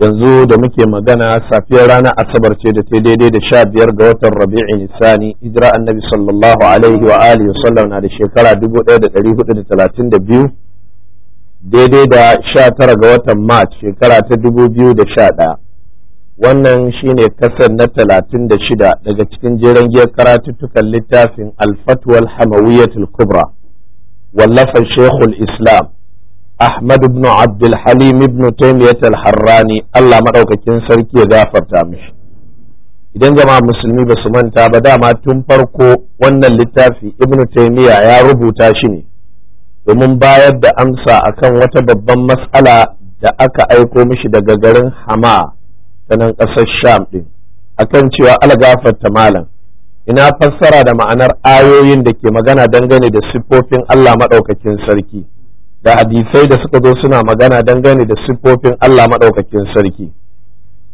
yanzu da muke magana safiyar ranar asabar ce da ta daidai da sha biyar ga watan rabi'i nisani hijira annabi sallallahu alaihi wa alihi na da shekara dubu ɗaya da ɗari hudu da talatin da biyu daidai da sha tara ga watan mat shekara ta dubu biyu da sha ɗaya wannan shine kasar na talatin da shida daga cikin jeren giyar karatuttukan littafin alfatwal hamawiyyatul kubra wallafar shekul islam Ahmad ibn Abdul Halim ibn Taymiyyah al-Harrani Allah madaukakin sarki ya gafarta mishi idan jama'a musulmi ba su manta ba dama tun farko wannan littafi ibn Taymiyyah ya rubuta shi ne domin bayar da amsa akan wata babban mas'ala da aka aiko mishi daga garin Hama ta nan ƙasar Sham ɗin. akan cewa algafarta malam ina fassara da ma'anar ayoyin da ke magana dangane da siffofin Allah madaukakin sarki da hadisai da suka zo suna magana dangane da siffofin Allah maɗaukakin sarki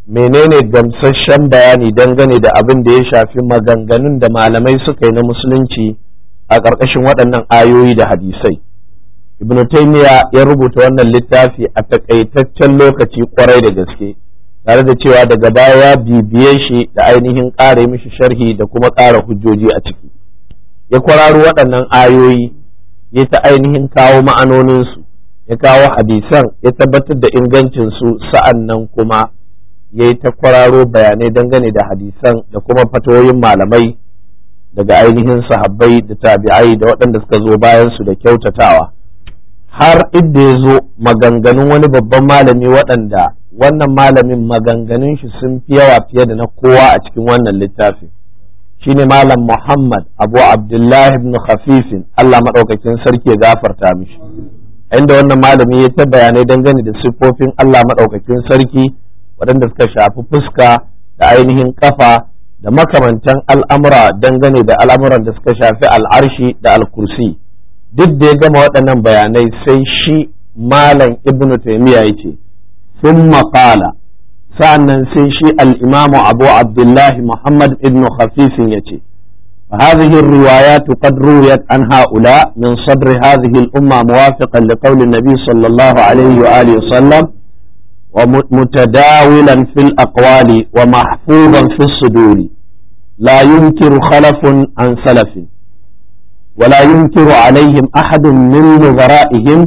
menene gamsasshen bayani dangane da abin da ya shafi maganganun da malamai suka yi na musulunci a ƙarƙashin waɗannan ayoyi da hadisai ibn taymiya ya rubuta wannan littafi a takaitaccen lokaci kwarai da gaske tare da cewa daga baya ya bibiye shi da ainihin ƙara mishi sharhi da kuma ƙara hujjoji a ciki ya kwararo waɗannan ayoyi ya ta ainihin kawo ma'anoninsu ya kawo hadisan ya tabbatar da ingancinsu sa'an nan kuma ya yi ta kwararo bayanai dangane da hadisan da kuma fatoyin malamai daga ainihin sahabbai da tabi'ai da waɗanda suka zo bayansu da kyautatawa har inda ya zo maganganun wani babban malami waɗanda wannan malamin maganganun shi sun fi yawa fiye da na kowa a cikin wannan littafin shine malam Muhammad Abu Abdullahi ibn Khafifin Allah madaukakin sarki ya gafarta mishi inda wannan malami ya ta bayanai dangane da siffofin Allah madaukakin sarki waɗanda suka shafi fuska da ainihin kafa da makamantan al'amura dangane da al'amuran da suka shafi al'arshi da alkursi duk da ya gama waɗannan bayanai sai shi malam ibnu taymiya yace sun maƙala sa'annan sai shi al-imamu abu abdullahi muhammad ibn khafifin ya ce هذه الروايات قد رويت عن هؤلاء من صدر هذه الأمة موافقا لقول النبي صلى الله عليه وآله وسلم ومتداولا في الأقوال ومحفوظا في الصدور لا ينكر خلف عن سلف ولا ينكر عليهم أحد من نظرائهم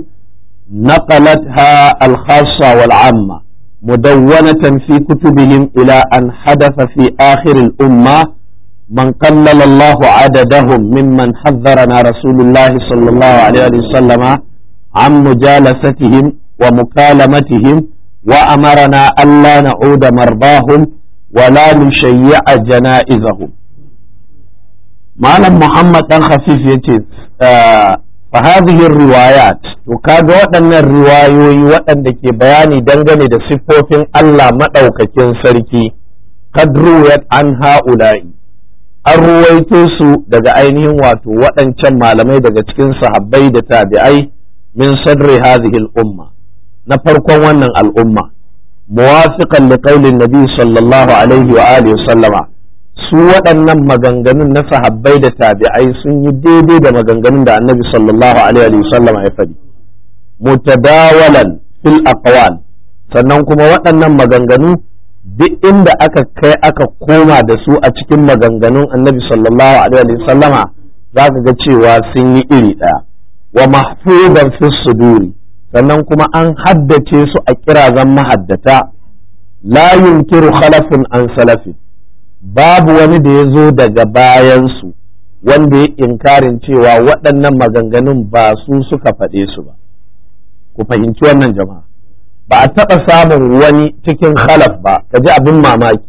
نقلتها الخاصة والعامة مدونة في كتبهم إلى أن حدث في آخر الأمة من قلل الله عددهم ممن حذرنا رسول الله صلى الله عليه وسلم عن مجالستهم ومكالمتهم وأمرنا ألا نعود مرضاهم ولا نشيع جنائزهم malam muhammad dan khafif ya ce fa hadhihi riwayat to kaga waɗannan riwayoyi waɗanda ke bayani dangane da siffofin Allah madaukakin sarki kadruwat an ha'ula'i an ruwaito su daga ainihin wato waɗancan malamai daga cikin sahabbai da tabi'ai min sadri hadhihi umma na farkon wannan al'umma muwafiqan liqaulin nabi sallallahu su waɗannan maganganun na sahabbai da tabi'ai sun yi daidai da maganganun da annabi sallallahu alaihi sallam ya faɗi mutadawalan fil aqwal sannan kuma waɗannan maganganu duk inda aka kai aka koma da su a cikin maganganun annabi sallallahu alaihi wa za zaka ga cewa sun yi iri ɗaya wa mahfuzan fi suduri sannan kuma an haddace su a kirazan mahaddata la yunkiru khalafun an salafin babu wani da ya zo daga bayansu wanda ya inkarin cewa waɗannan maganganun ba su suka faɗe su ba ku fahimci wannan jama'a ba a taɓa samun wani cikin khalaf ba ka ji abin mamaki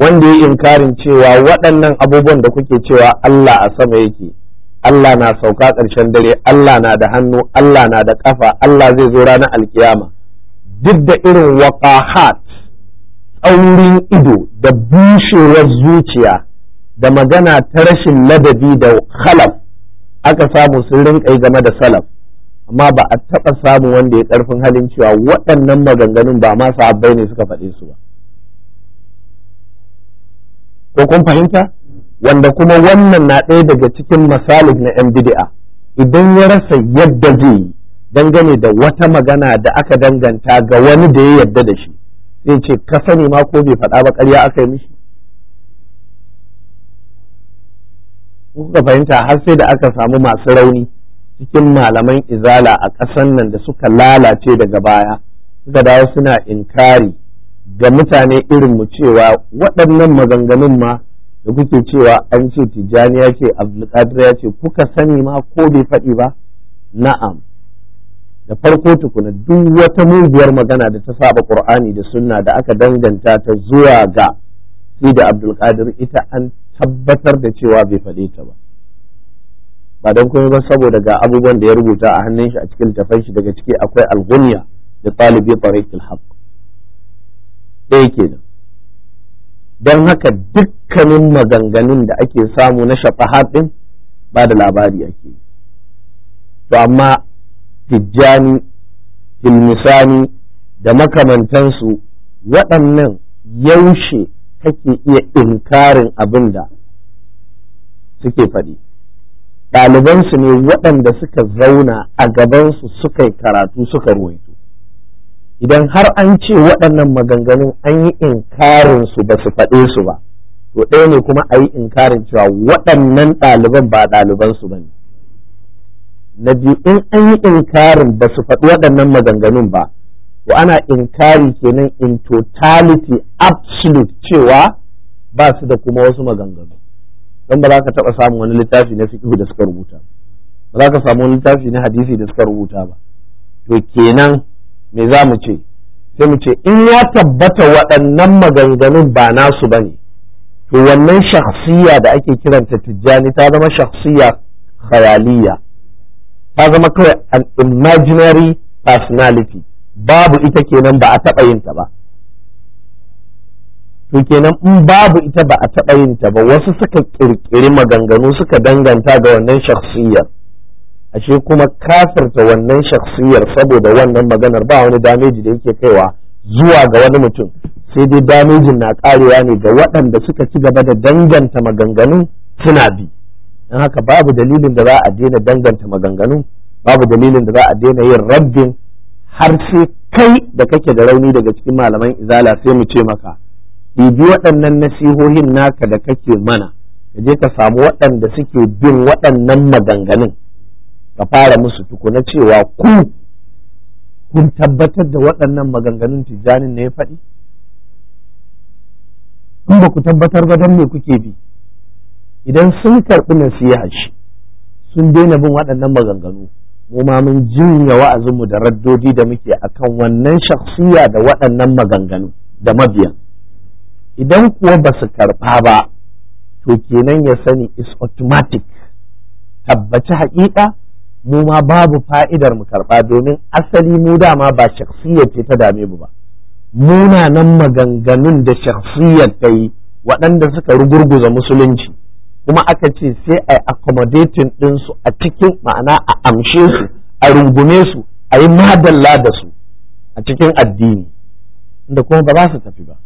wanda ya inkarin cewa waɗannan abubuwan da kuke cewa Allah a sama yake Allah na sauka ƙarshen dare Allah na da hannu Allah na da ƙafa Allah zai zo ranar alkiyama duk da irin waƙahat aurin ido da bushewar zuciya da magana ta rashin ladabi da halaf aka samu sun rinka game da salaf amma ba a taɓa samu wanda ya ƙarfin halin cewa waɗannan maganganun ba ma sahabbai ne suka faɗi su ba ko kun fahimta wanda kuma wannan na ɗaya daga cikin masalik na 'yan bid'a idan ya rasa yadda zai yi dangane da wata magana da aka danganta ga wani da ya yadda da shi zai ce ka sani ma ko bai faɗa ba ƙarya aka yi mishi kuka fahimta har sai da aka samu masu rauni cikin malaman izala a ƙasan nan da suka lalace daga baya suka dawo suna inkari ga mutane irin mu cewa waɗannan maganganun ma da kuke cewa an ce tijjani ya ce abdulkadir ya ce kuka sani ma ko bai faɗi ba na'am da farko tukuna duk wata muguwar magana da ta saba qur'ani da sunna da aka danganta ta zuwa ga shi da abdulkadir ita an tabbatar da cewa bai faɗe ta ba ba don kuma ba saboda ga abubuwan da ya rubuta a hannun shi a cikin tafan shi daga ciki akwai algunya da talibi tariqil haqq ɗaya kenan don haka dukkanin maganganun da ake samu na shafa ɗin ba da labari ake to amma tijjani ilmisani da makamantansu waɗannan yaushe kake iya inkarin abin da suke faɗi ɗalibansu ne waɗanda suka zauna a gabansu suka yi karatu suka ruwaito idan har an ce waɗannan maganganun an yi inkarin su ba su faɗe su ba to ɗaya ne kuma a yi inkarin cewa waɗannan ɗaliban ba ɗalibansu ba ne na biyu in an yi inkarin ba su faɗi waɗannan maganganun ba to ana inkari kenan in totality absolute cewa ba su da kuma wasu maganganu don ba za ka taɓa samun wani littafi na fiƙi da suka rubuta ba za ka samu wani littafi na hadisi da suka rubuta ba to kenan me za mu ce sai mu ce in ya tabbata waɗannan maganganun ba nasu ba ne to wannan shakhsiya da ake kiranta tijjani ta zama shakhsiya khayaliya ta zama kawai an imaginary personality babu ita kenan ba a taɓa yin ta ba to kenan in babu ita ba a taɓa yin ta ba wasu suka ƙirƙiri maganganu suka danganta ga wannan shakhsiyar ashe kuma kafirta wannan shakhsiyar saboda wannan maganar ba wani dameji da yake kaiwa zuwa ga wani mutum sai dai damejin na karewa ne ga waɗanda suka ci gaba da danganta maganganu suna bi don haka babu dalilin da za a daina danganta maganganu babu dalilin da za a daina yin rabbin har sai kai da kake da rauni daga cikin malaman izala sai mu ce maka bibi waɗannan nasihohin naka da kake mana ka je ka samu waɗanda suke bin waɗannan maganganun ka fara musu tukuna cewa ku kun tabbatar da waɗannan maganganun tijjanin ne ya faɗi in ba ku tabbatar ba don me kuke bi idan sun karɓi nasiha shi sun daina bin waɗannan maganganu mu ma mun jinya wa'azinmu da raddodi da muke akan wannan shakhsiya da waɗannan maganganu da mabiya. idan kuwa ba su karɓa ba to kenan ya sani is automatic tabbaci haƙiƙa mu ma babu fa'idar mu karɓa domin asali mu dama ba shakhsiyar ce ta dame mu ba Muna nan maganganun da shakhsiyar ta yi waɗanda suka rugurguza musulunci kuma aka ce sai a accommodating ɗinsu a cikin ma'ana a amshe su a rungume su a yi madalla da su a cikin addini inda kuma ba za su tafi ba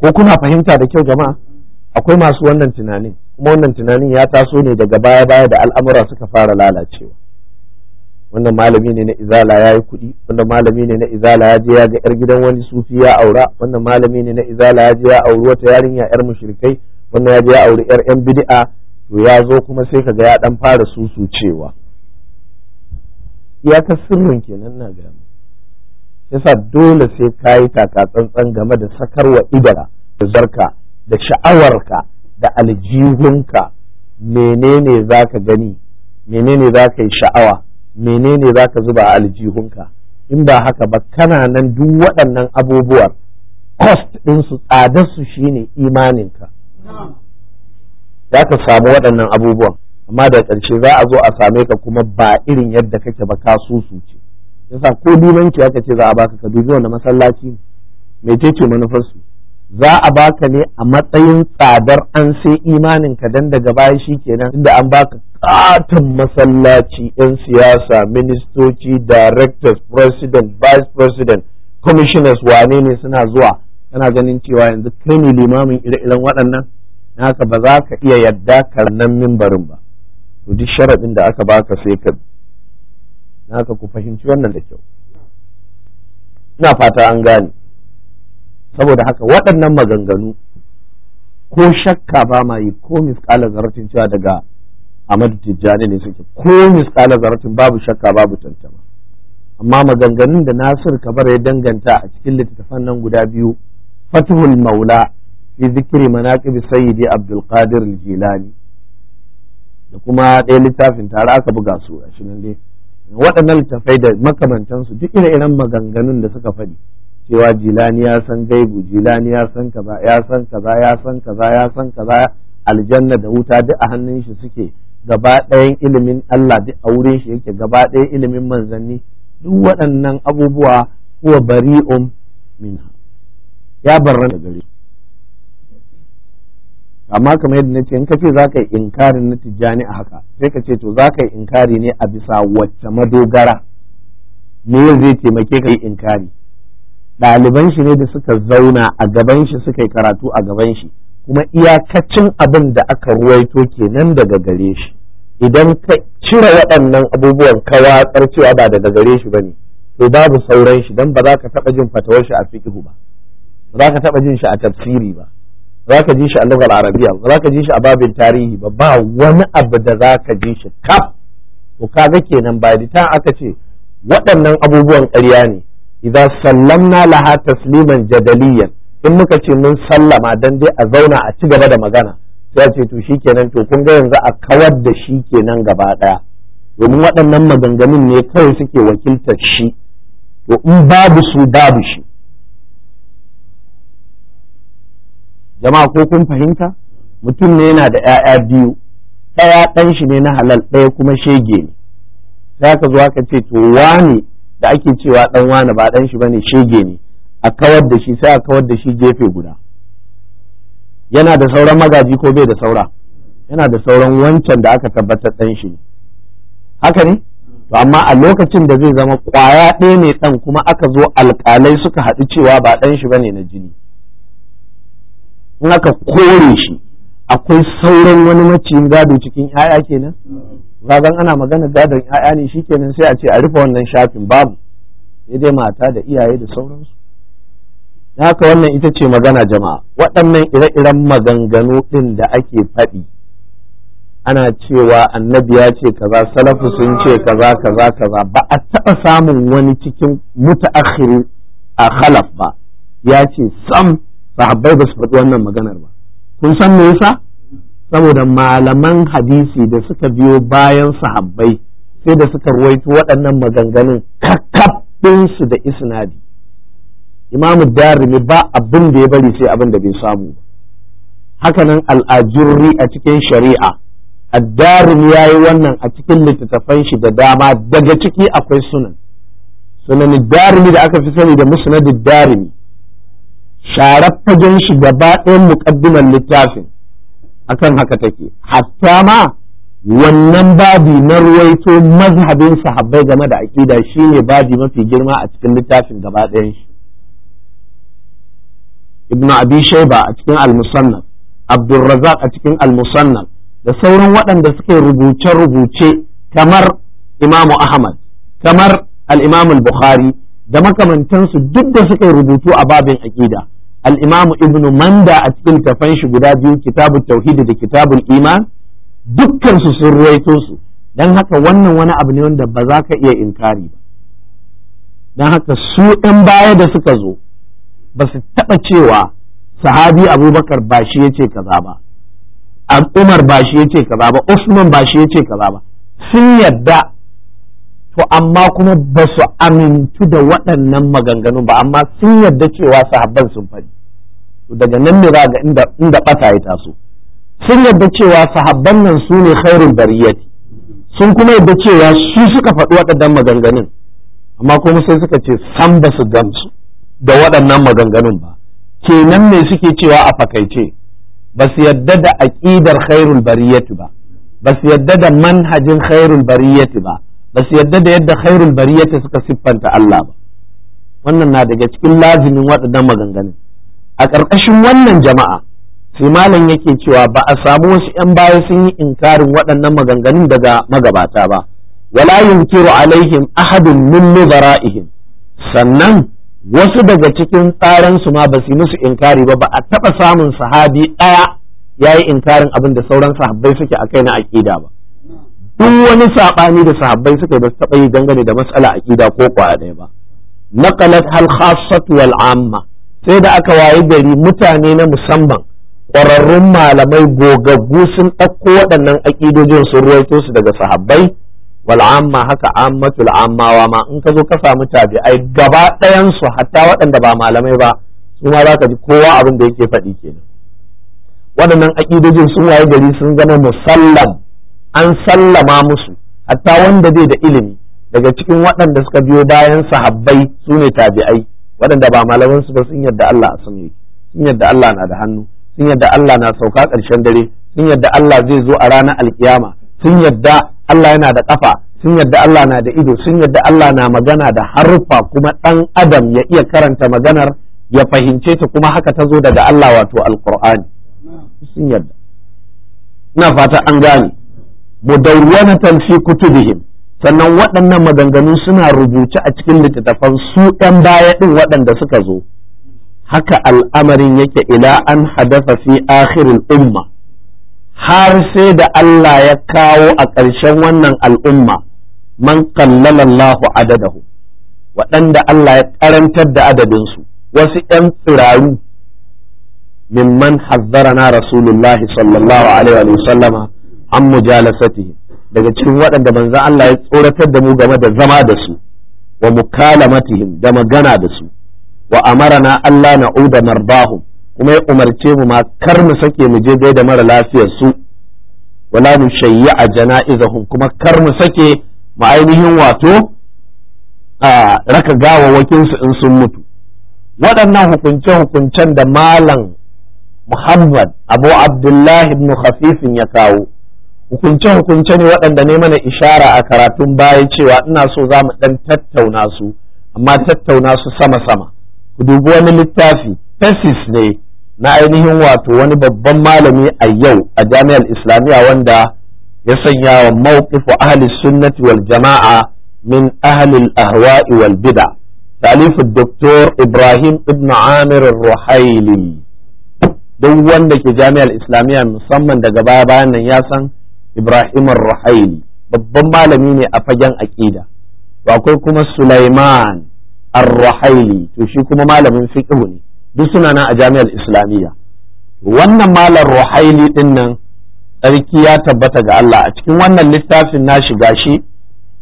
ko kuna fahimta da kyau jama'a akwai masu wannan tunanin kuma wannan tunanin ya taso ne daga baya-baya da al'amura suka fara lalacewa wannan malami ne na izala ya yi kuɗi wannan malami ne na izala ya je ya ga yar gidan wani sufi ya aura wannan malami ne na izala ya je ya auri wata yarinya yar mushrikai wannan ya je ya auri yar yan bid'a to ya zo kuma sai kaga ya dan fara susu cewa ya ta sirrin kenan na ga yasa dole sai kayi taka tsantsan game da sakarwa idara da zarka da sha'awarka da aljihunka menene zaka gani menene za yi sha'awa menene zaka zuba a aljihunka in ba haka ba kana nan duk waɗannan abubuwan cost ɗinsu tsadarsu shine imaninka za ka samu waɗannan abubuwan amma da ƙarshe za a zo a same ka kuma ba irin yadda kake ba ka su ce yasa ko limanci aka ce za a baka ka dubi wanda masallaci mai ce manufarsu za a baka ne a matsayin tsadar an sai imanin ka dan daga baya kenan inda an baka katon masallaci yan siyasa ministoci directors president vice president commissioners wane ne suna zuwa kana ganin cewa yanzu kai ne limamin ire-iren waɗannan haka ba za ka iya yadda nan mimbarin ba to duk sharaɗin da aka baka sai ka na haka ku fahimci wannan da kyau ina fata an gane saboda haka waɗannan maganganu ko shakka ba ma yi ko misƙalar zaratin cewa daga amadu Tijjani ne suke ko misƙalar zaratin babu shakka babu tantama amma maganganun da Nasir Kabar ya danganta a cikin littattafan nan guda biyu fatuhul maula fi zikiri manaqib sayyidi abdul qadir jilani da kuma ɗaya littafin tare aka buga su a shi dai waɗannan littafai da makamantansu duk ire-iren maganganun da suka faɗi cewa jilani ya san gaibu jilani ya san kaza ya san kaza ya san kaza ya san kaza aljanna da wuta duk a hannun shi suke gaba ɗayan ilimin Allah duk a wurin shi yake gaba ɗayan ilimin manzanni duk waɗannan abubuwa huwa bari'un minha ya barra da gare amma kamar yadda nace in kace za ka yi inkarin na tijjani a haka sai ka ce to za ka yi inkari ne a bisa wacce madogara me zai taimake ka yi inkari ɗaliban shi ne da suka zauna a gaban shi suka yi karatu a gaban shi kuma iyakacin abin da aka ruwaito kenan daga gare shi idan ka cire waɗannan abubuwan ka watsar cewa ba daga gare shi bane to babu sauran shi don ba za ka taɓa jin fatawar shi a fiƙihu ba ba za ka taɓa jin shi a tafsiri ba za ka ji shi a lugar arabiya ba za ka ji shi a babin tarihi ba ba wani abu da za ka ji shi kaf to kaga kenan ba da aka ce waɗannan abubuwan ƙarya ne idan sallamna laha tasliman jadaliyan in muka ce mun sallama dan dai a zauna a ci gaba da magana sai ce to shikenan to kun ga yanzu a kawar da shi kenan gaba ɗaya domin waɗannan maganganun ne kawai suke wakiltar shi to in babu su babu shi jama'a ko kun fahimta mutum ne yana da 'ya'ya biyu ɗaya ɗan shi ne na halal ɗaya kuma shege ne sai aka zo aka ce to wani da ake cewa ɗan wani ba ɗan shi bane shege ne a kawar da shi sai a kawar da shi gefe guda yana da sauran magaji ko bai da saura yana da sauran wancan da aka tabbatar ɗan shi haka ne to amma a lokacin da zai zama ƙwaya ɗaya ne ɗan kuma aka zo alƙalai suka haɗu cewa ba ɗan shi bane na jini in aka kore shi akwai sauran wani maciyin gado cikin 'ya'ya kenan ragan ana magana gadon 'ya'ya ne shi kenan sai a ce a rufe wannan shafin babu ya dai mata da iyaye da sauransu haka wannan ita ce magana jama'a waɗannan ire-iren maganganu ɗin da ake faɗi ana cewa annabi ya ce kaza salafu sun ce kaza kaza kaza ba a taɓa samun wani cikin mutaakhir a khalaf ba ya ce sam sahabbai ba su faɗi wannan maganar ba kun san me yasa saboda malaman hadisi da suka biyo bayan sahabbai sai da suka ruwaito waɗannan maganganun kakkabin su da isnadi imamu darimi ba abin da ya bari sai abin da bai samu hakanan al'ajirri a cikin shari'a addarimi ya yi wannan a cikin littattafan shi da dama daga ciki akwai sunan sunan darimi da aka fi sani da musnadid darimi sharar fagen shi gaba ɗayan muƙaddimar littafin akan haka take hatta ma wannan babi na ruwaito mazhabin sahabbai game da aƙida shine babi mafi girma a cikin littafin gaba ɗayan shi ibn abi shaiba a cikin al-musannaf abdurrazzaq a cikin al-musannaf da sauran waɗanda suke rubuce-rubuce kamar imamu ahmad kamar al-imam al-bukhari da makamantansu duk da suka rubutu a babin aƙida al-imam ibnu manda a cikin tafan shi guda biyu kitabut tauhidi da kitabul iman dukkansu sun ruwaito su dan haka wannan wani abu ne wanda ba za ka iya inkari ba dan haka su ɗan baya da suka zo ba su taɓa cewa sahabi abubakar ba shi ya ce kaza ba umar ba shi ya ce kaza ba usman ba shi ya ce kaza ba sun yadda to amma kuma ba su amintu da waɗannan maganganu ba amma sun yarda cewa sahabban sun faɗi to daga nan ne za ga inda inda bata ya taso sun yarda cewa sahabban nan su ne khairul bariyati sun kuma yarda cewa su suka faɗi waɗannan maganganun amma kuma sai suka ce san ba su gamsu da waɗannan maganganun ba kenan me suke cewa a fakaice ba su yarda da aqidar khairul bariyati ba ba su yarda da manhajin khairul bariyati ba ba su yadda da yadda khairul bariyata suka siffanta Allah ba wannan na daga cikin lazimin waɗannan maganganun a ƙarƙashin wannan jama'a sai malam yake cewa ba a samu wasu 'yan baya sun yi inkarin waɗannan maganganun daga magabata ba wala yunkiru alaihim ahadun min nuzara'ihim sannan wasu daga cikin tsaran su ma ba su musu inkari ba ba a taɓa samun sahabi ɗaya ya yi inkarin abin da sauran sahabbai suke a kai na aƙida ba duk wani saɓani da sahabbai suka ba su taɓa yi dangane da mas'ala ƙida ko kwaya ɗaya ba naqalat hal khassatu wal amma sai da aka wayi gari mutane na musamman ƙwararrun malamai gogaggu sun ɗauko waɗannan aƙidojin sun ruwaito su daga sahabbai wal amma haka ammatul ammawa ma in ka zo ka samu tabi'ai gaba ɗayan su hatta waɗanda ba malamai ba su ma za ka ji kowa abin da yake faɗi kenan waɗannan aƙidojin sun waye gari sun zama musallam an sallama musu hatta wanda zai da ilimi daga cikin waɗanda suka biyo bayan sahabbai su ne tabi'ai waɗanda ba malamansu ba sun yadda Allah a sun sun yadda Allah na da hannu sun yadda Allah na sauka ƙarshen dare sun yadda Allah zai zo a ranar alkiyama sun yadda Allah yana da ƙafa sun yadda Allah na da ido sun yadda Allah na magana da harfa kuma ɗan adam ya iya karanta maganar ya fahimce ta kuma haka ta zo daga Allah wato alƙur'ani sun yadda ina fata an gane mudawwanatan fi kutubihim sannan waɗannan maganganu suna rubuce a cikin littattafan su ɗan baya ɗin waɗanda suka zo haka al'amarin yake ila an hadafa fi akhirul umma har sai da Allah ya kawo a ƙarshen wannan al'umma man kallalallahu adadahu waɗanda Allah ya ƙarantar da adadinsu wasu ‘yan tsiraru mimman na rasulullahi sallallahu alaihi wa sallama an mujalasati daga cikin waɗanda manzo Allah ya tsoratar da mu game da zama da su wa mukalamatihim da magana da su wa na Allah na'uda marbahu kuma ya umarce mu ma kar mu sake mu je bai da mara lafiyar su wala mu shayya a jana'izahum kuma kar mu sake mu ainihin wato a raka gawawakin su in sun mutu waɗannan hukunce-hukuncen da malam Muhammad Abu Abdullahi ibn Khafifin ya kawo hukunce-hukunce ne waɗanda ne mana ishara a karatun baya cewa ina so za mu ɗan tattauna su amma tattauna su sama-sama ku dubi wani littafi tesis ne na ainihin wato wani babban malami a yau a jami'ar islamiyya wanda ya sanya wa mawqifu ahli sunnati wal jama'a min ahli al-ahwa'i wal bid'a talifu doktor ibrahim ibn amir ruhaili duk wanda ke jami'ar islamiyya musamman daga baya bayan nan ya san Ibrahim ruhaili babban malami ne a fagen aƙida to akwai kuma Sulaiman Ar-Ruhaili to shi kuma malamin fiqh ne duk suna nan a Jami'ar Islamiyya wannan malam Ruhaili din nan tsarki ya tabbata ga Allah a cikin wannan littafin na shiga shi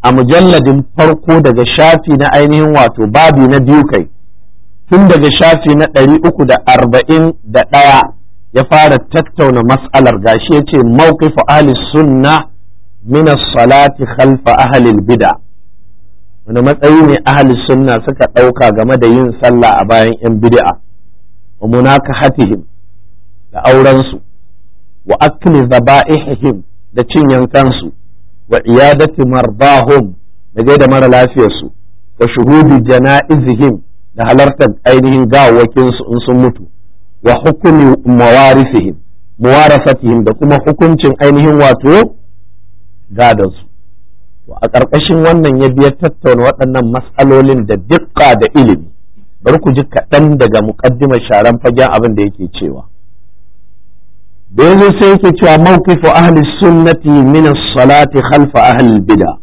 a mujalladin farko daga shafi na ainihin wato babi na biyu kai tun daga shafi na ɗari uku da arba'in da ɗaya ya fara tattauna mas'alar gashi ya ce mawqifu ahli sunna min salati khalfa ahli bid'a wani matsayi ne ahli sunna suka ɗauka game da yin sallah a bayan 'yan bid'a wa munakahatihim da aurensu wa akli zaba'ihim da cin yankansu wa iyadati marbahum da gaida mara lafiyarsu wa shuhudi jana'izihim da halartar ainihin gawawakinsu in sun mutu wa hukumi mawarisihim muwarasatihim da kuma hukuncin ainihin wato gadansu to a ƙarƙashin wannan ya biya tattauna waɗannan matsalolin da dukka da ilimi bari ku ji kaɗan daga muƙaddimar sharan fagen abin da yake cewa da yanzu sai yake cewa mawqifu ahli sunnati min as-salati khalfa ahli bid'ah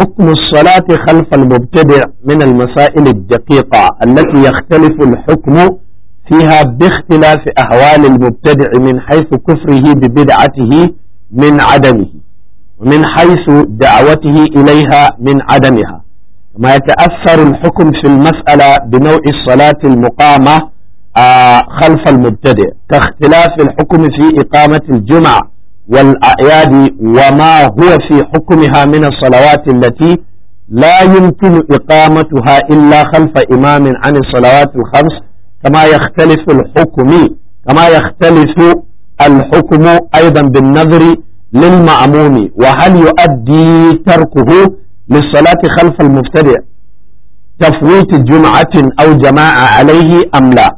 حكم الصلاة خلف المبتدع من المسائل الدقيقة التي يختلف الحكم فيها باختلاف أهوال المبتدع من حيث كفره ببدعته من عدمه ومن حيث دعوته إليها من عدمها ما يتأثر الحكم في المسألة بنوع الصلاة المقامة آه، خلف المبتدع كاختلاف الحكم في إقامة الجمعة والأعياد وما هو في حكمها من الصلوات التي لا يمكن إقامتها إلا خلف إمام عن الصلوات الخمس كما يختلف الحكم كما يختلف الحكم أيضا بالنظر للمعموم وهل يؤدي تركه للصلاة خلف المبتدع تفويت جمعة أو جماعة عليه أم لا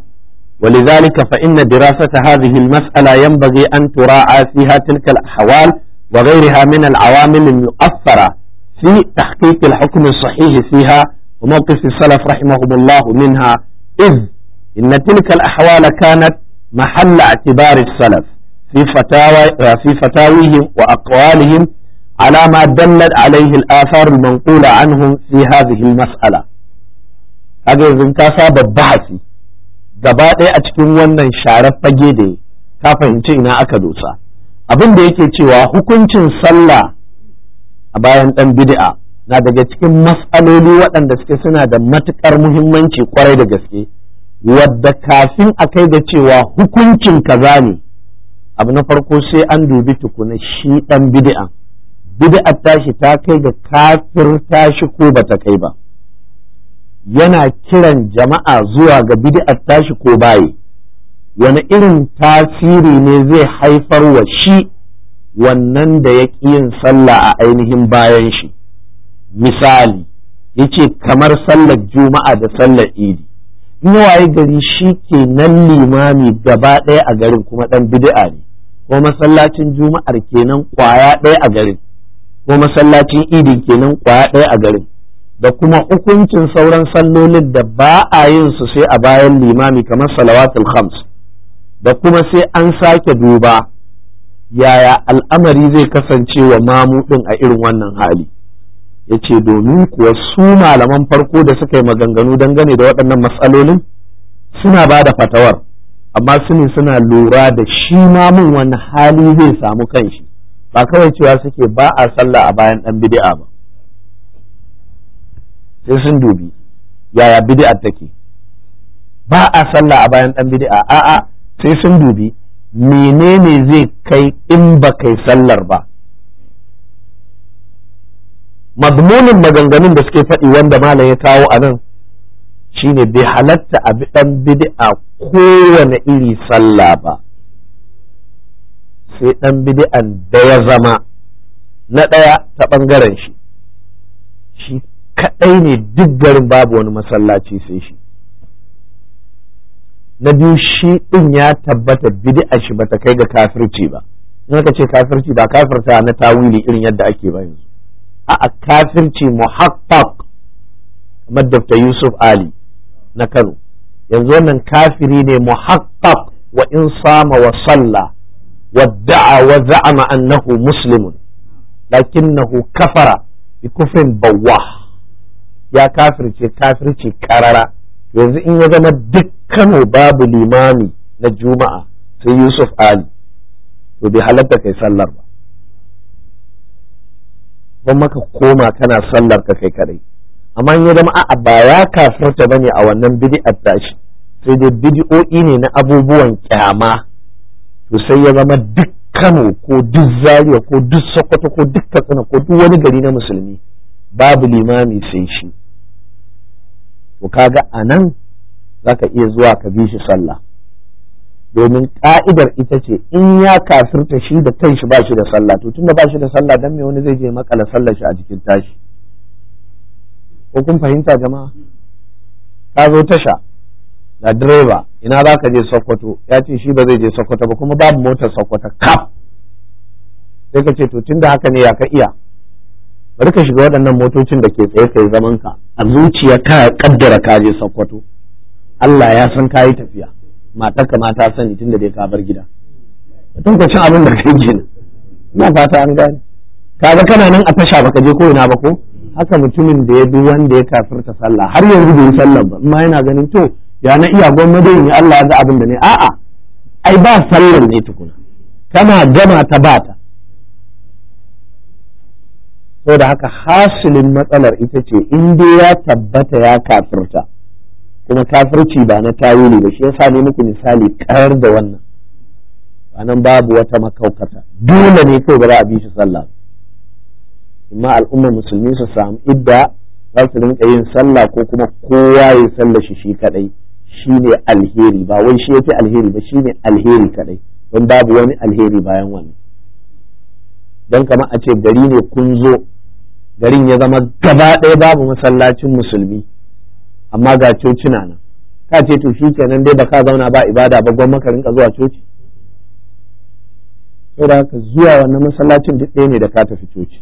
ولذلك فإن دراسة هذه المسألة ينبغي أن تراعى فيها تلك الأحوال وغيرها من العوامل المؤثرة في تحقيق الحكم الصحيح فيها وموقف السلف رحمهم الله منها إذ إن تلك الأحوال كانت محل اعتبار السلف في a في فتاويهم وأقوالهم على ما دلت عليه الآثار المنقولة عنهم في هذه المسألة هذا إذن كاسا بحثي gaba ɗaya a cikin wannan sharar fage da ka fahimci ina aka dosa abin da yake cewa hukuncin sallah a bayan ɗan bid'a na daga cikin mas'aloli waɗanda suke suna da matuƙar muhimmanci kwarai da gaske wadda kafin a kai ga cewa hukuncin kaza ne abu na farko sai an dubi tukuna shi ɗan bid'an bid'ar tashi ta kai ga kafir tashi ko ba ta kai ba yana kiran jama'a zuwa ga bid'ar tashi ko baye wani irin tasiri ne zai haifar wa shi wannan da ya yin sallah a ainihin bayan shi misali yace kamar sallar juma'a da sallar idi waye gari shi ke nan limami gaba ɗaya a garin kuma ɗan bid'a ne ko masallacin juma'ar kenan kwaya ɗaya a garin ko masallacin ke kenan kwaya ɗaya a garin da kuma hukuncin sauran sallolin da ba a yin su sai a bayan limami kamar salawatul khams da kuma sai an sake duba yaya al'amari zai kasance wa mamu ɗin a irin wannan hali yace domin kuwa su malaman farko da suka yi maganganu dangane da waɗannan matsalolin suna ba da fatawar amma sune suna lura da shi ma mun wani hali zai samu kanshi ba kawai cewa suke ba a sallah a bayan ɗan bid'a ba sai sun dubi yaya bidi'a take ba a sallah a bayan ɗan bidi'a a'a sai sun dubi menene zai kai in ba kai sallar ba madmunin maganganun da suke faɗi wanda malam ya kawo a nan shine bai halatta a ɗan bid'a kowane iri sallah ba sai ɗan bid'an da ya zama na ɗaya ta ɓangaren shi shi kaɗai ne duk garin babu wani masallaci sai shi na biyu shi ɗin ya tabbata bid'a shi bata kai ga kafirci ba in aka ce kafirci ba kafirta na tawili irin yadda ake ba yanzu a'a kafirci muhaqqaq kamar Dr. Yusuf Ali na Kano yanzu wannan kafiri ne muhaqqaq wa in sama wa salla wa da'a wa za'ama annahu muslimun lakinnahu kafara bi kufrin bawwah ya kafirce kafirci karara yanzu in ya zama duk Kano babu limami na juma'a sai Yusuf Ali to bai halatta kai sallar ba ban maka koma kana sallar ka kai kadai amma in ya zama a'a ba ya kafirta bane a wannan ta tashi sai dai bid'o'i ne na abubuwan kyama to sai ya zama duk Kano ko duk Zaria ko duk Sokoto ko duk Katsina ko duk wani gari na musulmi babu limami sai shi to kaga anan zaka iya zuwa ka bi shi sallah domin ka'idar ita ce in ya kafirta shi da kanshi ba shi da sallah to tunda ba da sallah dan me wani zai je makala sallar shi a jikin tashi ko kun fahimta jama'a ka zo tasha da direba ina za ka je sokoto ya ce shi ba zai je sokoto ba kuma babu motar sokoto kaf sai ka ce to tunda haka ne ya ka iya bari ka shiga waɗannan motocin da ke tsaye kai zaman ka a zuciya ka kaddara ka je sokoto Allah ya san ka yi tafiya matar ka ta sani tun da dai ka bar gida tun ka cin abin da kai gina ina fata an gane kaga kana nan a tasha baka je ko ina ba ko haka mutumin da ya bi wanda ya kafirta sallah har yanzu bai sallah ba amma yana ganin to ya na iya dai ne Allah ya ga abin da ne a'a ai ba sallar ne tukuna kana gama ta bata saboda haka hasilin matsalar ita ce in dai ya tabbata ya kafirta kuma kafirci ba na tawili ba shi yasa ne muku misali karar da wannan anan babu wata makaukata dole ne kai ba za a bi shi sallah amma al'ummar musulmi su samu idda za su rinka yin sallah ko kuma kowa ya sallah shi shi kadai ne alheri ba wai shi yafi alheri ba shi ne alheri kadai don babu wani alheri bayan wannan don kama a ce gari ne kun zo garin ya zama gaba ɗaya babu masallacin musulmi amma ga coci na nan ka ce to shi kenan dai ba ka zauna ba ibada ba gwamma ka rinka zuwa coci saboda haka zuwa wannan masallacin duk ɗaya ne da ka tafi coci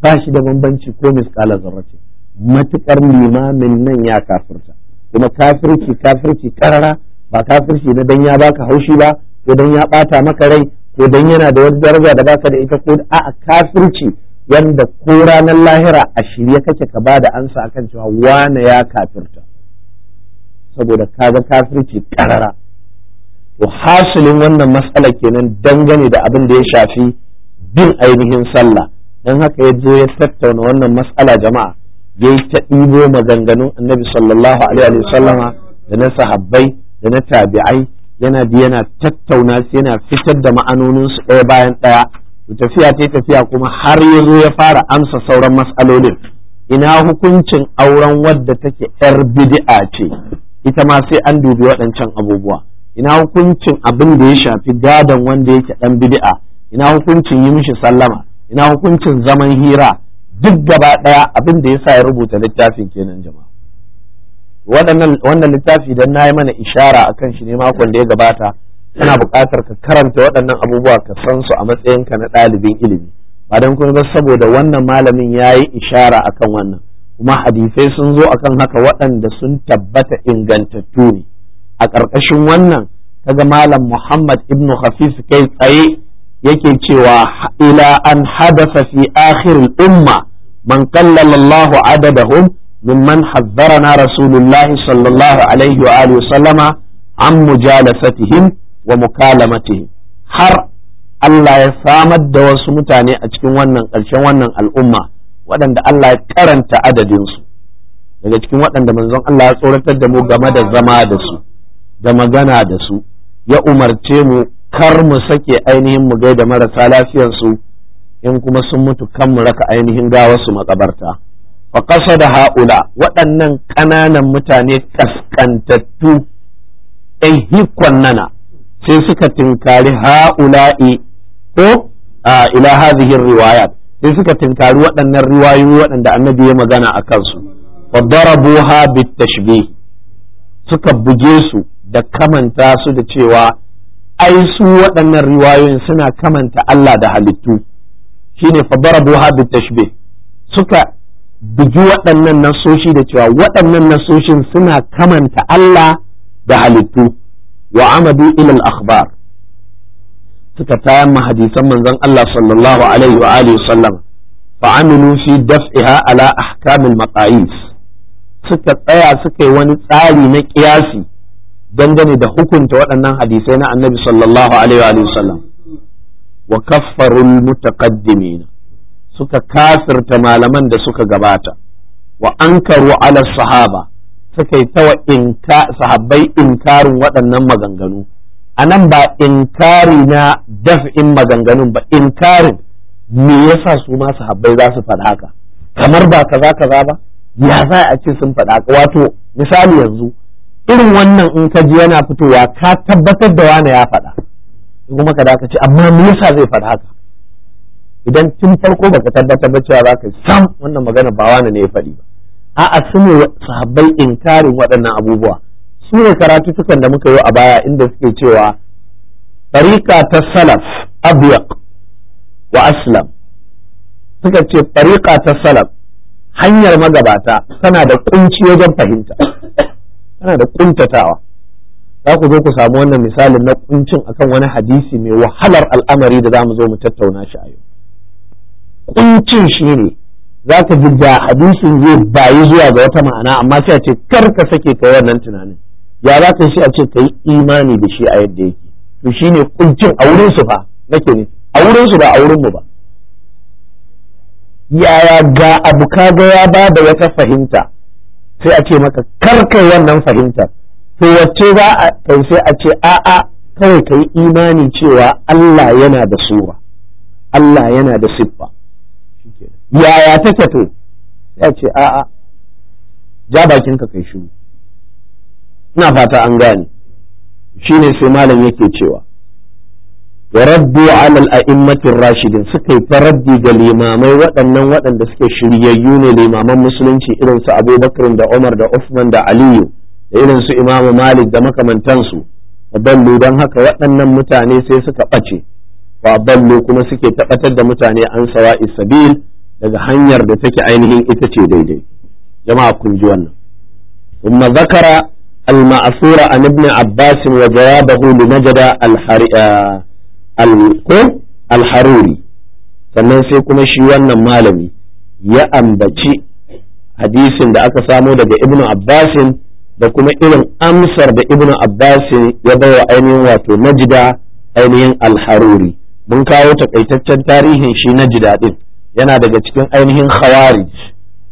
ba shi da bambanci ko misƙala zarrace matukar limamin nan ya kafirta kuma kafirci kafirci karara ba kafirci na dan ya baka haushi ba ko dan ya bata maka rai ko dan yana da wani daraja da baka da ita ko a'a kafirci wanda ko ranar lahira a shirye kake ka ba da ansa akan cewa wane ya kafirta saboda ka kaga kafirci karara to hasilin wannan matsala kenan dangane da abin da ya shafi bin ainihin sallah don haka ya zo ya tattauna wannan matsala jama'a ya yi ta ɗibo maganganun annabi sallallahu alaihi wa sallama da na sahabbai da na tabi'ai yana biyana yana tattauna sai yana fitar da ma'anoninsu ɗaya bayan ɗaya tafiya ta tafiya kuma har ya zo ya fara amsa sauran matsalolin ina hukuncin auren wadda take yar bid'a ce ita ma sai an dubi waɗancan abubuwa ina hukuncin abin da ya shafi gadon wanda yake ɗan bid'a ina hukuncin yi mishi sallama ina hukuncin zaman hira duk gaba ɗaya abin da ya sa ya rubuta littafin kenan jama'a wannan littafi dan na yi mana ishara akan shi ne makon da ya gabata suna buƙatar ka karanta waɗannan abubuwa ka san su a matsayinka na ɗalibin ilimi ba don kuma ba saboda wannan malamin ya yi ishara akan wannan kuma hadisai sun zo a kan haka waɗanda sun tabbata ingantattu ne a ƙarƙashin wannan kaga malam Muhammad ibn Hafiz kai tsaye yake cewa ila an hadasa fi akhir umma man qallala Allahu adadahum mimman hazzarana Rasulullah sallallahu alaihi wa alihi wa sallama an mujalasatihim wa mukalamatihi har Allah ya samar da wasu mutane a cikin wannan ƙarshen wannan al'umma waɗanda Allah ya karanta adadinsu daga cikin waɗanda manzon Allah ya tsoratar da mu game da zama da su da magana da su ya umarce mu kar mu sake ainihin mu gaida marasa lafiyarsu in kuma sun mutu kan mu raka ainihin gawarsu makabarta fa kasa da ha'ula waɗannan ƙananan mutane kaskantattu ɗan hikon nana sai suka tinkari ha'ula'i ko a ila hadhihi riwaya sai suka tinkari waɗannan riwayoyi waɗanda annabi ya magana a kansu wa darabuha bitashbih suka buge su da kamanta su da cewa ai su waɗannan riwayoyin suna kamanta Allah da halittu shine fa darabuha bitashbih suka bugi waɗannan nasoshi da cewa waɗannan nasoshin suna kamanta Allah da halittu wa amadu ila al-akhbar suka tayan hadisan manzon Allah sallallahu alaihi wa alihi sallam fa amilu fi daf'iha ala ahkamin al-maqayis suka tsaya suka yi wani tsari na kiyasi dangane da hukunta waɗannan hadisai na annabi sallallahu alaihi wa sallam wa kaffarul mutaqaddimin suka kasirta malaman da suka gabata wa ankaru ala sahaba suka yi tawa inka sahabbai inkarin waɗannan maganganu a nan ba inkari na daf'in maganganun ba inkarin me yasa su ma sahabbai za su faɗa haka kamar ba kaza kaza ba ya za a ce sun faɗa haka wato misali yanzu irin wannan in ka ji yana fitowa ka tabbatar da wani ya faɗa in kuma ka dakace amma me yasa zai faɗa haka idan tun farko baka tabbatar ba cewa za ka sam wannan magana ba wani ne ya faɗi ba a'a su ne sahabbai inkarin waɗannan abubuwa su ne karatutukan da muka yi a baya inda suke cewa tariqa ta salaf abyaq wa aslam suka ce tariqa ta salaf hanyar magabata tana da kunci wajen fahimta tana da kuntatawa za ku zo ku samu wannan misalin na kuncin akan wani hadisi mai wahalar al'amari da za mu zo mu tattauna shi a yau kuncin shi ne za ka ji da hadisin zai bayi zuwa ga wata ma'ana amma sai a ce kar ka sake ka wannan tunanin ya za ka shi a ce ka yi imani da shi a yadda yake to ne kuncin a wurin su fa nake ne a wurin su ba a wurin mu ba yaya ga abu ga ya ba da wata fahimta sai a ce maka kar ka yi wannan fahimtar to wacce za a kai sai a ce a'a kawai ka yi imani cewa Allah yana da sura Allah yana da siffa yaya take to ya ce a'a ja bakinka kai shiru ina fata an gane shine sai malam yake cewa wa rabbi ala al ar rashidin suka yi faraddi ga limamai waɗannan waɗanda suke shiryayyu ne limaman musulunci irin su Abubakar da Umar da Uthman da Aliyu da irin su Imam Malik da makamantansu ballu dan haka waɗannan mutane sai suka ɓace wa ballo kuma suke tabbatar da mutane an sawa'i sabil daga hanyar da take ainihin ita ce daidai jama'a kun ji wannan kuma zakara المأثور عن ابن عباس وجوابه لنجد الحروري sannan sai kuma shi wannan malami ya ambaci hadisin da aka samo daga ibn abbasin da kuma irin amsar da ibn abbasin ya baiwa ainihin wato najida ainihin alharuri mun kawo takaitaccen tarihin shi najida din yana daga cikin ainihin khawarij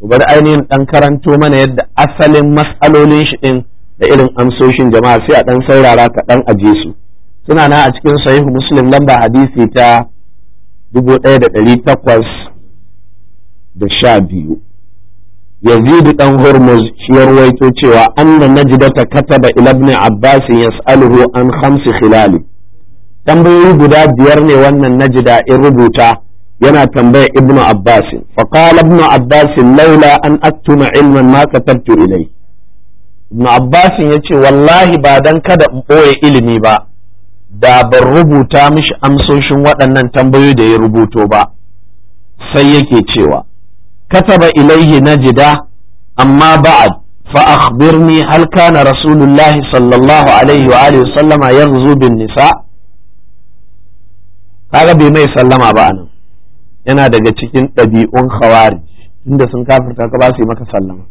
bari ainihin dan karanto mana yadda asalin mas'alolin shi din da irin amsoshin jama'a sai a dan saurara ka dan aje su suna na a cikin sahih muslim lamba hadisi ta 1812 yazid dan hurmuz shi ya ruwaito cewa anna najdata kataba ila ibn abbas yas'aluhu an hamsi khilali tambayoyi guda biyar ne wannan najda in rubuta yana tambaya ibn abbas fa qala ibn abbas laula an aktuma ilman ma katabtu ilai ibn abbas yace wallahi ba dan kada in boye ilimi ba da ban rubuta mishi amsoshin waɗannan tambayoyi da ya rubuto ba sai yake cewa kataba ilaihi najida amma ba'ad fa akhbirni hal kana rasulullahi sallallahu alaihi wa alihi sallama yanzu bin nisa kaga bai mai sallama ba anan yana daga cikin ɗabi'un khawarij inda sun kafirta ka ba su yi maka sallama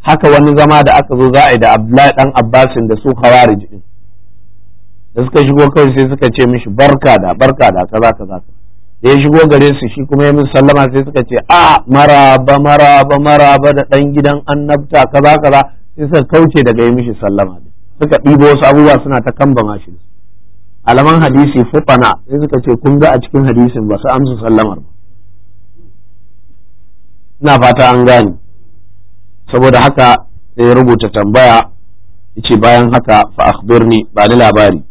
haka wani zama da aka zo za a yi da abdullahi dan abbasin da su khawarij din da suka shigo kawai sai suka ce mishi barka da barka da kaza kaza da ya shigo gare su shi kuma ya min sallama sai suka ce a maraba maraba maraba da dan gidan annabta kaza kaza sai suka kauce daga yi mishi sallama suka ɗibo wasu abubuwa suna ta kambama shi alaman hadisi fufana sai suka ce kun ga a cikin hadisin ba su amsa sallamar ba ina fata an gane saboda haka sai rubuta tambaya yace bayan haka fa akhbirni ba ni labari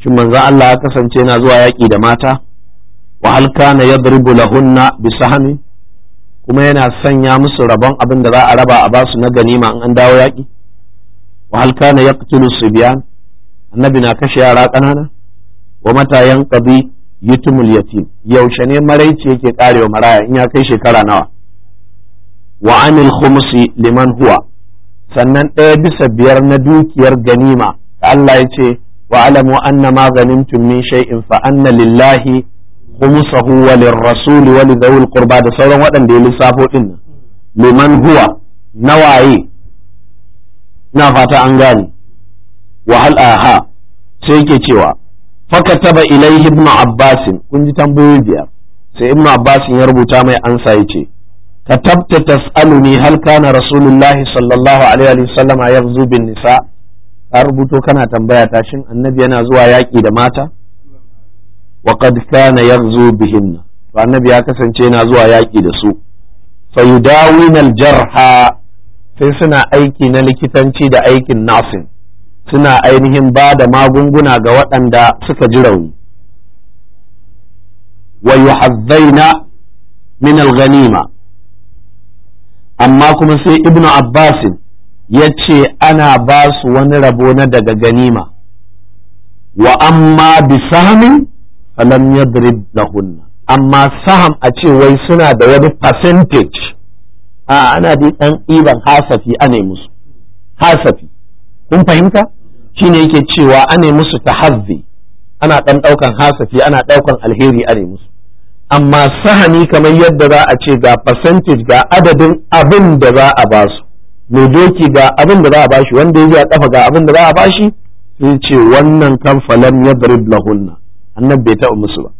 shin manzon Allah ya kasance na zuwa yaki da mata wa hal kana yadribu lahunna bi sahmi kuma yana sanya musu rabon abin da za a raba a basu na ganima in an dawo yaki wa hal kana yaqtulu sibyan annabi na kashe yara ƙanana wa mata yanqadi yutumul yatim yaushe ne maraice yake karewa maraya in ya kai shekara nawa wa anil khumsi liman huwa sannan ɗaya bisa biyar na dukiyar ganima da Allah ya ce wa alamu anna ma ganimtum min shay'in fa anna lillahi khumsahu wa lirrasuli wa lidhawil qurba da sauran waɗanda ya lissafo din liman huwa nawaye na fata an gane wa hal sai yake cewa fakataba ilaihi ibnu Abbasin, kun ji tambayoyi biyar sai ibnu Abbasin ya rubuta mai ansa yace katabta tas'aluni hal kana rasulullahi sallallahu alaihi wa sallam yaghzu bin nisa ka rubuto kana tambaya ta shin annabi yana zuwa yaki da mata wa qad kana yaghzu bihinna to annabi ya kasance yana zuwa yaki da su fayudawina aljarha sai suna aiki na likitanci da aikin nasin suna ainihin ba da magunguna ga waɗanda suka ji rauni wa yuhazzaina min al amma kuma sai ibnu abbasin ya ce ana ba su wani rabo na daga ganima wa amma bi sahamin falam yadrib lahunna amma saham a ce wai suna da wani percentage a ana dai dan iban hasafi ane musu hasafi kun fahimta shine yake cewa ane musu tahazzi ana ɗan ɗaukan hasafi ana ɗaukan alheri ane musu amma sahani kamar yadda za a ce ga percentage ga adadin abin da za a basu mai doki ga abin da za a bashi wanda ya kafa ga abin da za a bashi sai ce wannan kan falam yadrib lahunna annabi bai taɓa musu ba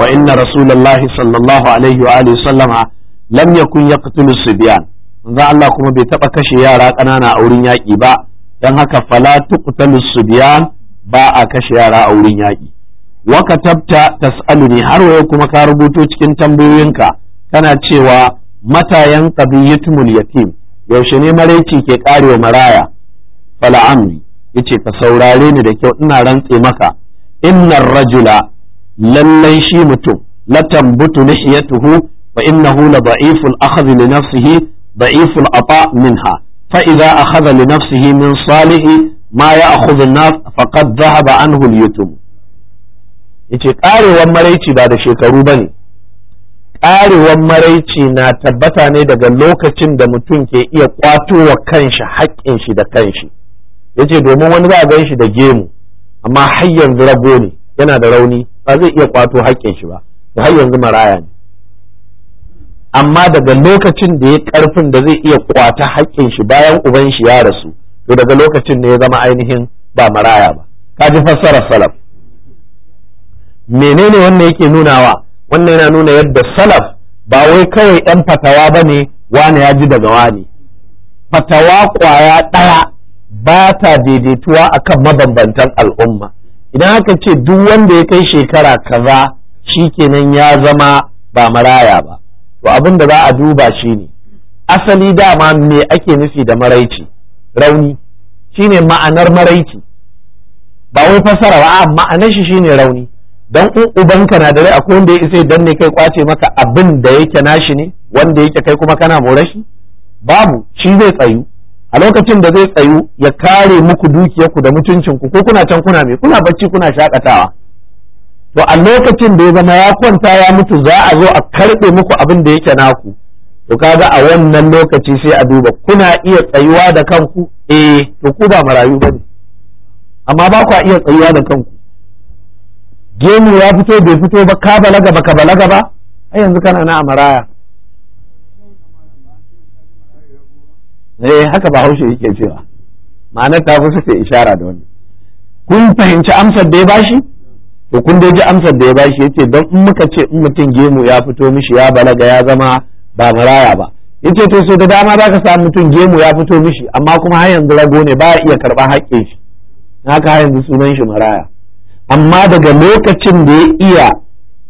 wa inna rasulullahi sallallahu alaihi wa alihi sallama lam yakun yaqtulu sibyan manzo Allah kuma bai taɓa kashe yara ƙanana a wurin yaƙi ba dan haka fala tuqtalu subyan ba a kashe yara a wurin yaƙi wa katabta tas'aluni har waye kuma ka rubuto cikin tambayoyinka kana cewa matayan qabiyatul yatim yaushe ne maraici ke karewa maraya fala amri yace ka saurare ni da kyau ina rantse maka innar rajula lallai shi mutum latambutu lihiyatuhu wa innahu la da'iful akhdh li nafsihi da'iful ata minha fa idza akhadha li nafsihi min salihi ma ya'khudhu an-nas faqad dhahaba anhu al yace karewan maraici ba da shekaru bane karewan maraici na tabbata ne daga lokacin da mutum ke iya kwato wa kanshi haƙƙin shi da kanshi yace domin wani za a shi da gemu amma har yanzu rago ne yana da rauni ba zai iya kwato haƙƙin shi ba har yanzu maraya ne amma daga lokacin da ya karfin da zai iya kwata haƙƙin shi bayan uban shi ya rasu to daga lokacin ne ya zama ainihin ba maraya ba ka ji fassarar salaf menene wannan yake nunawa wannan yana nuna yadda salaf ba wai kawai ɗan fatawa ba ne wani ya ji daga wani fatawa kwaya ɗaya ba ta daidaituwa kan mabambantan al'umma idan aka ce duk wanda ya kai shekara kaza shi kenan ya zama ba maraya ba to abin da za a duba shi ne asali dama me ake nufi da maraici rauni shine ma'anar maraici ba wai fasara ba ma'anar shi shine rauni Don in ubanka na rai, akwai wanda ya isa dan ne kai kwace maka abin da yake nashi ne wanda yake kai kuma kana more shi babu shi zai tsayu a lokacin da zai tsayu ya kare muku dukiyarku da mutuncinku ko kuna can kuna mai kuna bacci kuna shakatawa to a lokacin da ya zama ya kwanta ya mutu za a zo a karɓe muku abin da yake naku to kaga a wannan lokaci sai a duba kuna iya tsayuwa da kanku eh to ku ba marayu bane amma ba ku iya tsayuwa da kanku gemu ya fito bai fito ba ka balaga ba ka balaga ba ai yanzu kana na a maraya eh haka ba haushe yake cewa ma'anar ta fi sai ishara da wani kun fahimci amsar da ya bashi to kun dai ji amsar da ya bashi yace dan in muka ce in mutum gemu ya fito mishi ya balaga ya zama ba maraya ba yace to sai da dama ka samu mutum gemu ya fito mishi amma kuma har yanzu rago ne ba ya iya karba haƙƙin shi haka har yanzu sunan shi maraya amma daga lokacin da ya iya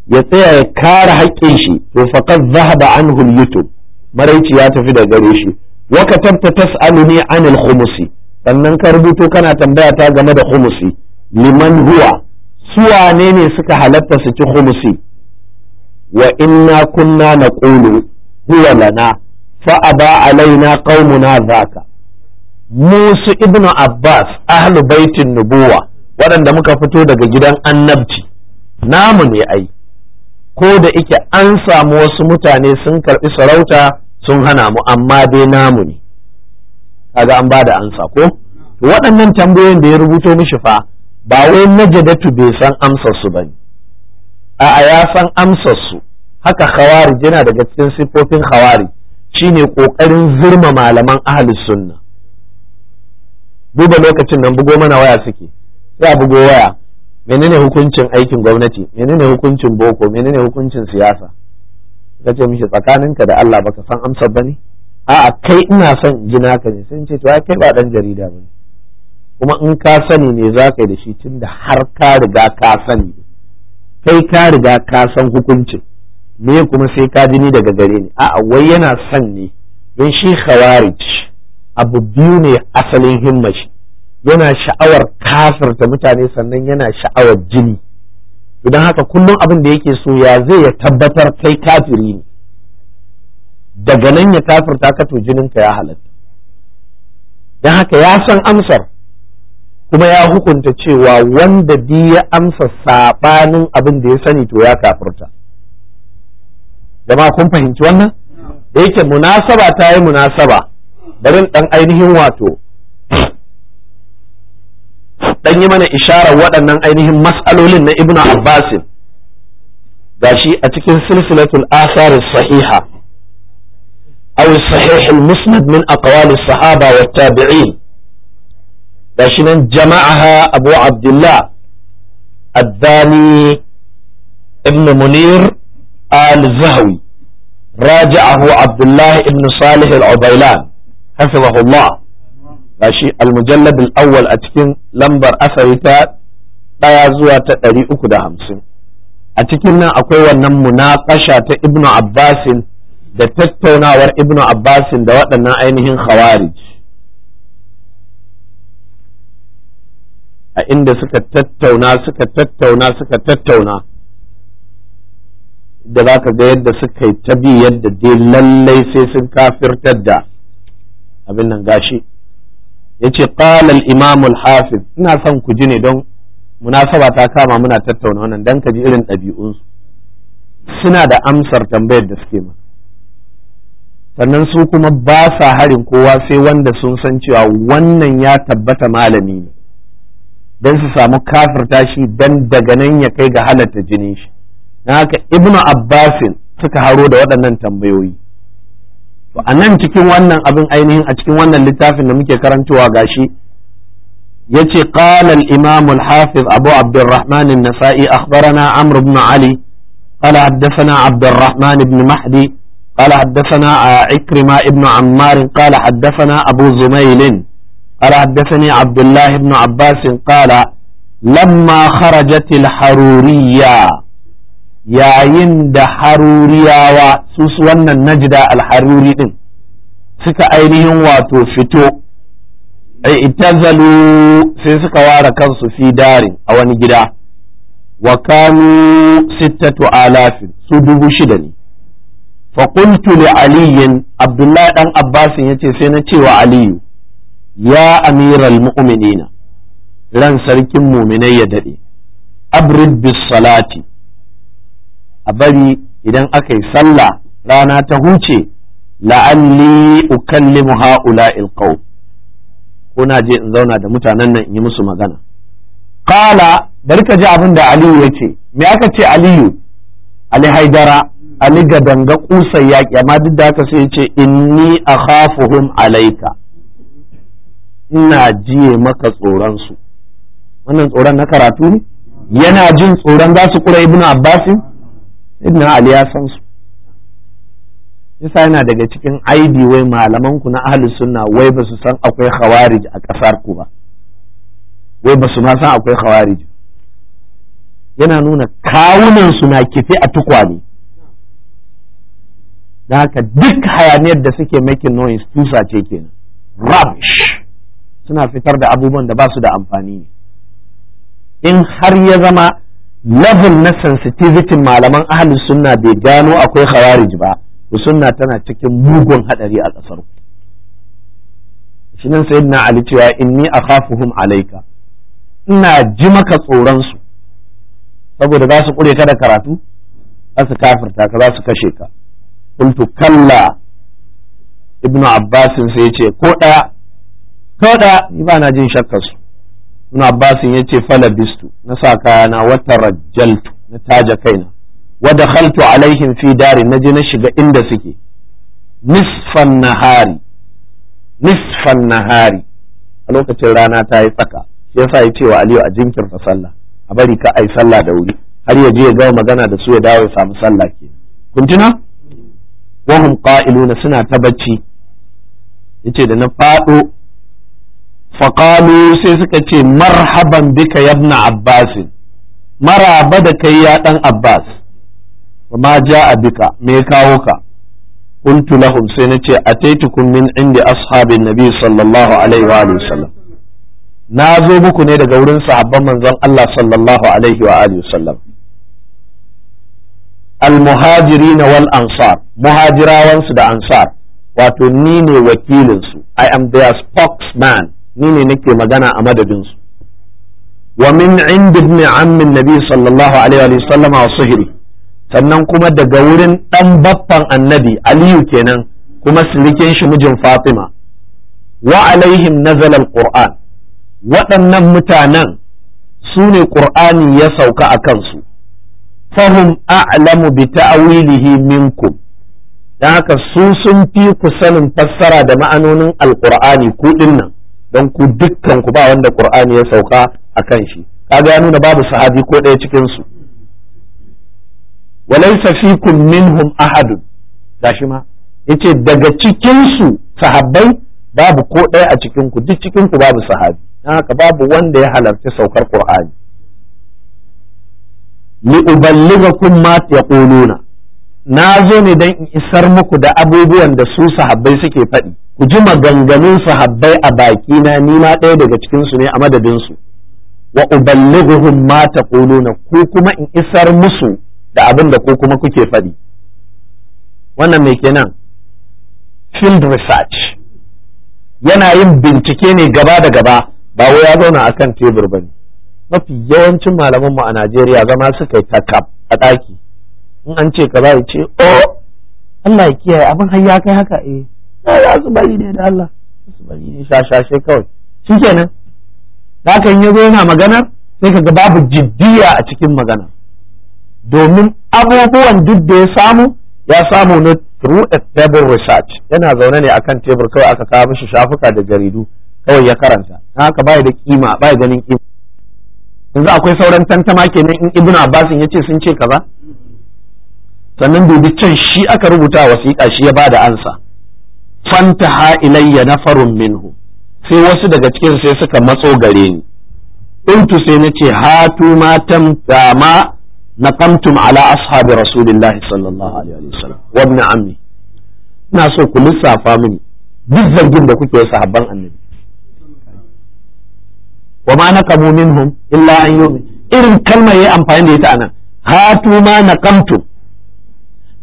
ya tsaya ya kare haƙƙin shi to faqad zahaba anhu al-yutub maraici ya tafi da gare shi wa katabta tas'aluni anil khumusi sannan ka rubuto kana tambaya ta game da khumusi liman huwa wane ne suka halatta su ci humusi wa inna kunna na ƙulu huwa lana fa'aba alaina qaumuna zaka musu ibnu abbas ahlu baitin nubuwa waɗanda muka fito daga gidan annabci namu ne ai ko da ike an samu wasu mutane sun karɓi sarauta sun hana mu amma dai namu ne kaga an bada ansa ko waɗannan tambayoyin da ya rubuto mishi fa ba wai najadatu bai san amsar su bane a'a ya san amsar su haka khawari yana daga cikin siffofin khawari shine kokarin zurma malaman ahlus sunna duba lokacin nan bugo mana waya suke sai bugo waya menene hukuncin aikin gwamnati menene hukuncin boko menene hukuncin siyasa ka ce mishi tsakaninka da Allah baka san amsar ne? a'a kai ina son jina ka ne sun ce to ai kai ba dan jarida ba ne. kuma in ka sani ne za ka yi da shi tun da har ka riga ka sani kai ka riga ka san hukuncin me kuma sai ka ji ni daga gare ni a'a wai yana son ne don shi khawarij abu biyu ne asalin himmashi yana sha'awar kafirta mutane sannan yana sha'awar jini idan haka kullum abin da yake so ya zai ya tabbatar kai kafiri ne daga nan ya kafirta ka to jininka ya halatta don haka ya san amsar kuma ya hukunta cewa wanda bi ya amsa saɓanin abin da ya sani to ya kafirta jama'a kun fahimci wannan da yake munasaba ta yi munasaba barin ɗan ainihin wato ɗan yi mana isharar waɗannan ainihin matsalolin na ibnu abbasin gashi a cikin silsilatul asarin sahiha musnad min a من sahaba wa tabiin gashi nan jama'aha abu abdullah الثاني ابن منير الزهوي راجعه عبد الله ابن salih العبيلان حفظه الله gashi المجلد الأول أتكين لمبر أثرتا ɗaya zuwa ta ɗari uku da hamsin a cikin nan akwai wannan munakasha ta ibnu abbasin da tattaunawar ibnu abbasin da waɗannan ainihin khawarij a inda suka tattauna suka tattauna suka tattauna da za ka ga yadda suka yi ta bi yadda dai lallai sai sun kafirtar da abin nan gashi ya ce ƙalal imamul hafiz ina son ku ji ne don munasaba ta kama muna tattauna wannan don ka ji irin ɗabi'unsu suna da amsar tambayar da suke ma sannan su kuma ba sa harin kowa sai wanda sun san cewa wannan ya tabbata malami ne don su samu kafirta shi don daga nan ya kai ga halatta jinin shi na haka ibnu abbasin suka haro da waɗannan tambayoyi to a nan cikin wannan abin ainihin a cikin wannan littafin da muke karantowa gashi yace qala al imamul hafiz abu abdurrahman an-nasa'i akhbarana amr ibn ali قال حدثنا عبد الرحمن بن مهدي قال حدثنا عكرمة ابن عمار قال حدثنا أبو زميل قال حدثني عبد الله بن عباس قال لما خرجت الحرورية يا يند حرورية وسوسوان النجدة الحروري suka ainihin wato fito i'tazalu sai suka ware kansu fi darin a wani gida wa sitatu sittatu su dubu shida ne fa qultu li abdullahi dan abbasin yace sai na cewa aliyu ya amiral mu'minina ran sarkin muminai ya daɗe abrid bis salati a bari idan aka yi sallah rana ta huce la'alli ukallimu ha'ula ilqaw ko na je in zauna da mutanen nan in yi musu magana qala bari ka ji abin da aliyu ya ce me aka ce aliyu ali haidara ali gadanga kusa yaƙi amma duk da haka sai ya ce inni akhafuhum alaika ina jiye maka tsoronsu wannan tsoron na karatu ne yana jin tsoron za su kura ibnu abbasin ibn ali ya san su yasa yana daga cikin id wai malaman ku na ahlus sunna wai ba su san akwai khawarij a kasar ku ba wai ba su ma san akwai khawarij yana nuna kawunan su na kife a tukwane da haka duk hayaniyar da suke making noise tusa ce kenan rubbish suna fitar da abubuwan da ba su da amfani ne in har ya zama level na sensitivity malaman ahli sunna bai gano akwai khawarij ba ku sunna tana cikin mugun hadari a kasar shi nan sayyidina ali cewa inni akhafuhum alaika ina ji maka tsoron su saboda za su kure ka da karatu za su kafirta ka za su kashe ka kuntu kalla ibnu abbasin sai ce ko ɗaya kawada ni ba na jin shakka su suna ya ce falabistu na sa kayana wata rajaltu na taja kaina wa dakhaltu alaihim fi dari na je na shiga inda suke nisfan nahari nisfan nahari a lokacin rana ta yi tsaka shi sa ya ce wa Aliyu a jinkirta sallah a bari ka ai sallah da wuri har ya je ya gama magana da su ya dawo ya samu sallah ke kun tuna wahum qa'iluna suna ta bacci yace da na faɗo. faƙalu sai suka ce marhaban bika yabna abbasin maraba da kai ya ɗan abbas ma ja a bika me kawo ka kuntu lahum sai nace taitukun min indi ashabin nabi sallallahu alaihi wa sallam na zo muku ne daga wurin sahabban manzon Allah sallallahu alaihi wa sallam al muhajirina wal ansar muhajirawansu da ansar wato ni ne wakilinsu i am their spokesman ni ne nake magana a madadin su wa min ind ibn ammin nabi sallallahu alaihi wa sallam wa suhri sannan kuma daga wurin dan baffan annabi aliyu kenan kuma sirikin shi mijin fatima wa alaihim nazala alquran waɗannan mutanen su ne qur'ani ya sauka a kansu fahum a'lamu bi ta'wilihi minkum dan haka su sun fi ku sanin fassara da ma'anonin alqur'ani ku dinnan don ku dukkan ku ba wanda qur'ani ya sauka a kan shi kaga ya nuna babu sahabi ko ɗaya cikin su walaysa fikum minhum ahad gashi ma yace daga cikin su sahabbai babu ko ɗaya a cikin ku duk cikin ku babu sahabi dan haka babu wanda ya halarci saukar qur'ani li uballighakum ma yaquluna na zo ne don in isar muku da abubuwan da su sahabbai suke faɗi ku ji maganganun sahabbai a baki na nima ɗaya daga cikinsu ne a madadin su wa uballighuhum ma taquluna ku kuma in isar musu da abin da ku kuma kuke faɗi wannan me kenan field research yana yin bincike ne gaba da gaba ba wai ya zauna a kan tebur bane mafi yawancin malaman mu a Najeriya zama suka yi takab a ɗaki in an ce kaza ya ce o oh, Allah ya kiyaye abin har ya kai haka eh na ya su bari ne da Allah su bari ne shashashe kawai kenan da aka yi zo yana magana sai ka ga babu jiddiya a cikin magana domin abubuwan duk da ya samu ya samu ne through a table research yana zaune ne akan tebur kawai aka kawo mishi shafuka da jaridu kawai ya karanta na haka bai da kima bai ganin kima yanzu akwai sauran tantama kenan in ibnu abbasin ce sun ce kaza sannan dubi can shi aka rubuta wasiƙa shi ya bada ansa Fanta fantaha ilayya nafarun minhu sai wasu daga cikin sai suka matso gare ni qultu sai nace hatu ma tamtama naqamtum ala ashabi rasulillah sallallahu alaihi wasallam wa ibn ammi ina so ku lissafa mini duk zargin da kuke sahabban annabi wa ma naqamu minhum illa an yu'min irin kalmar yayi amfani da ita anan hatu ma naqamtum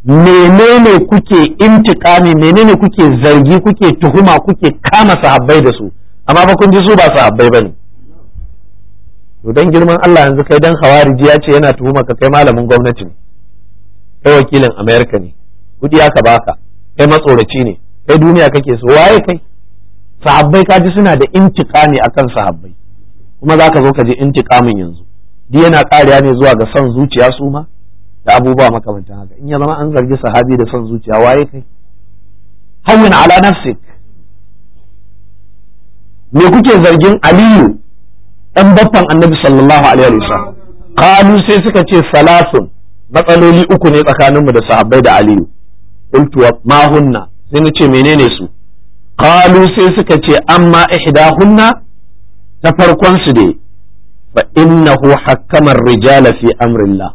menene kuke intikami menene kuke zargi kuke tuhuma kuke kama sahabbai da su amma ba kun ji su ba sahabbai bane to dan girman Allah yanzu kai dan hawariji ya ce yana tuhuma ka kai malamin gwamnati ne kai wakilin America ne kudi aka baka kai matsoraci ne kai duniya kake so waye kai sahabbai ka ji suna da intikami akan sahabbai kuma zaka zo ka ji intikamin yanzu di yana kariya ne zuwa ga son zuciya su ma da abubuwa makamantan haka in ya zama an zargi sahabi da son zuciya waye kai hawin ala nafsik me kuke zargin aliyu dan baffan annabi sallallahu alaihi wasallam qalu sai suka ce salasun matsaloli uku ne tsakaninmu da sahabbai da aliyu qultu ma hunna sai na ce menene su qalu sai suka ce amma ihdahunna ta farkon su dai fa innahu hakkama rijala fi amrillah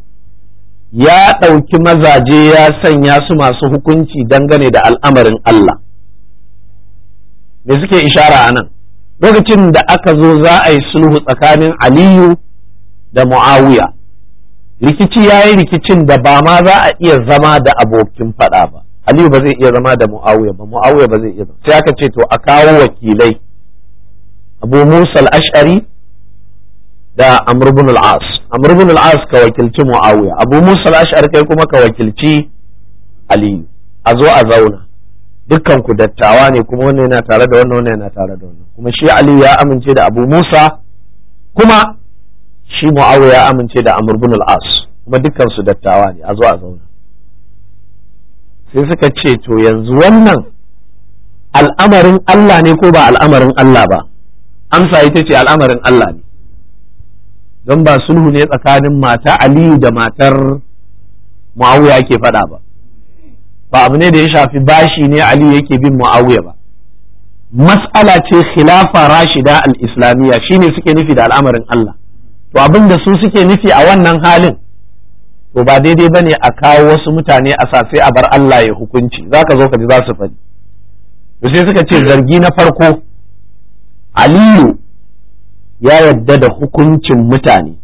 ya ɗauki mazaje ya sanya su masu hukunci dangane da al'amarin Allah me suke ishara a nan lokacin da aka zo za a yi sulhu tsakanin aliyu da mu'awiya rikici ya yi rikicin da ba ma za a iya zama da abokin faɗa ba aliyu ba zai iya zama da mu'awiya ba mu'awiya ba zai iya zama sai aka ce to a kawo wakilai abu musa al-ash'ari da amr ibn al-as amr ibn al-as ka wakilci muawiya abu musa al-ash'ari kai kuma ka wakilci ali a zo a zauna dukkan ku dattawa ne kuma wannan yana tare da wannan wannan yana tare da wannan kuma shi ali ya amince da abu musa kuma shi muawiya ya amince da amr ibn al-as kuma dukkan su dattawa ne a zo a zauna sai suka ce to yanzu wannan al'amarin Allah ne ko ba al'amarin Allah ba amsa ita ce al'amarin Allah ne don ba sulhu ne tsakanin mata aliyu da matar muawiya ake faɗa ba ba abu ne da ya shafi bashi ne aliyu yake bin muawiya ba mas'ala ce khilafa rashida al-islamiyya shine suke nufi da al'amarin Allah to abinda su suke nufi a wannan halin to ba daidai ba ne a kawo wasu mutane a sai a bar Allah ya hukunci za ka zo ka ji za su faɗi to sai suka ce zargi na farko aliyu ya yadda da hukuncin mutane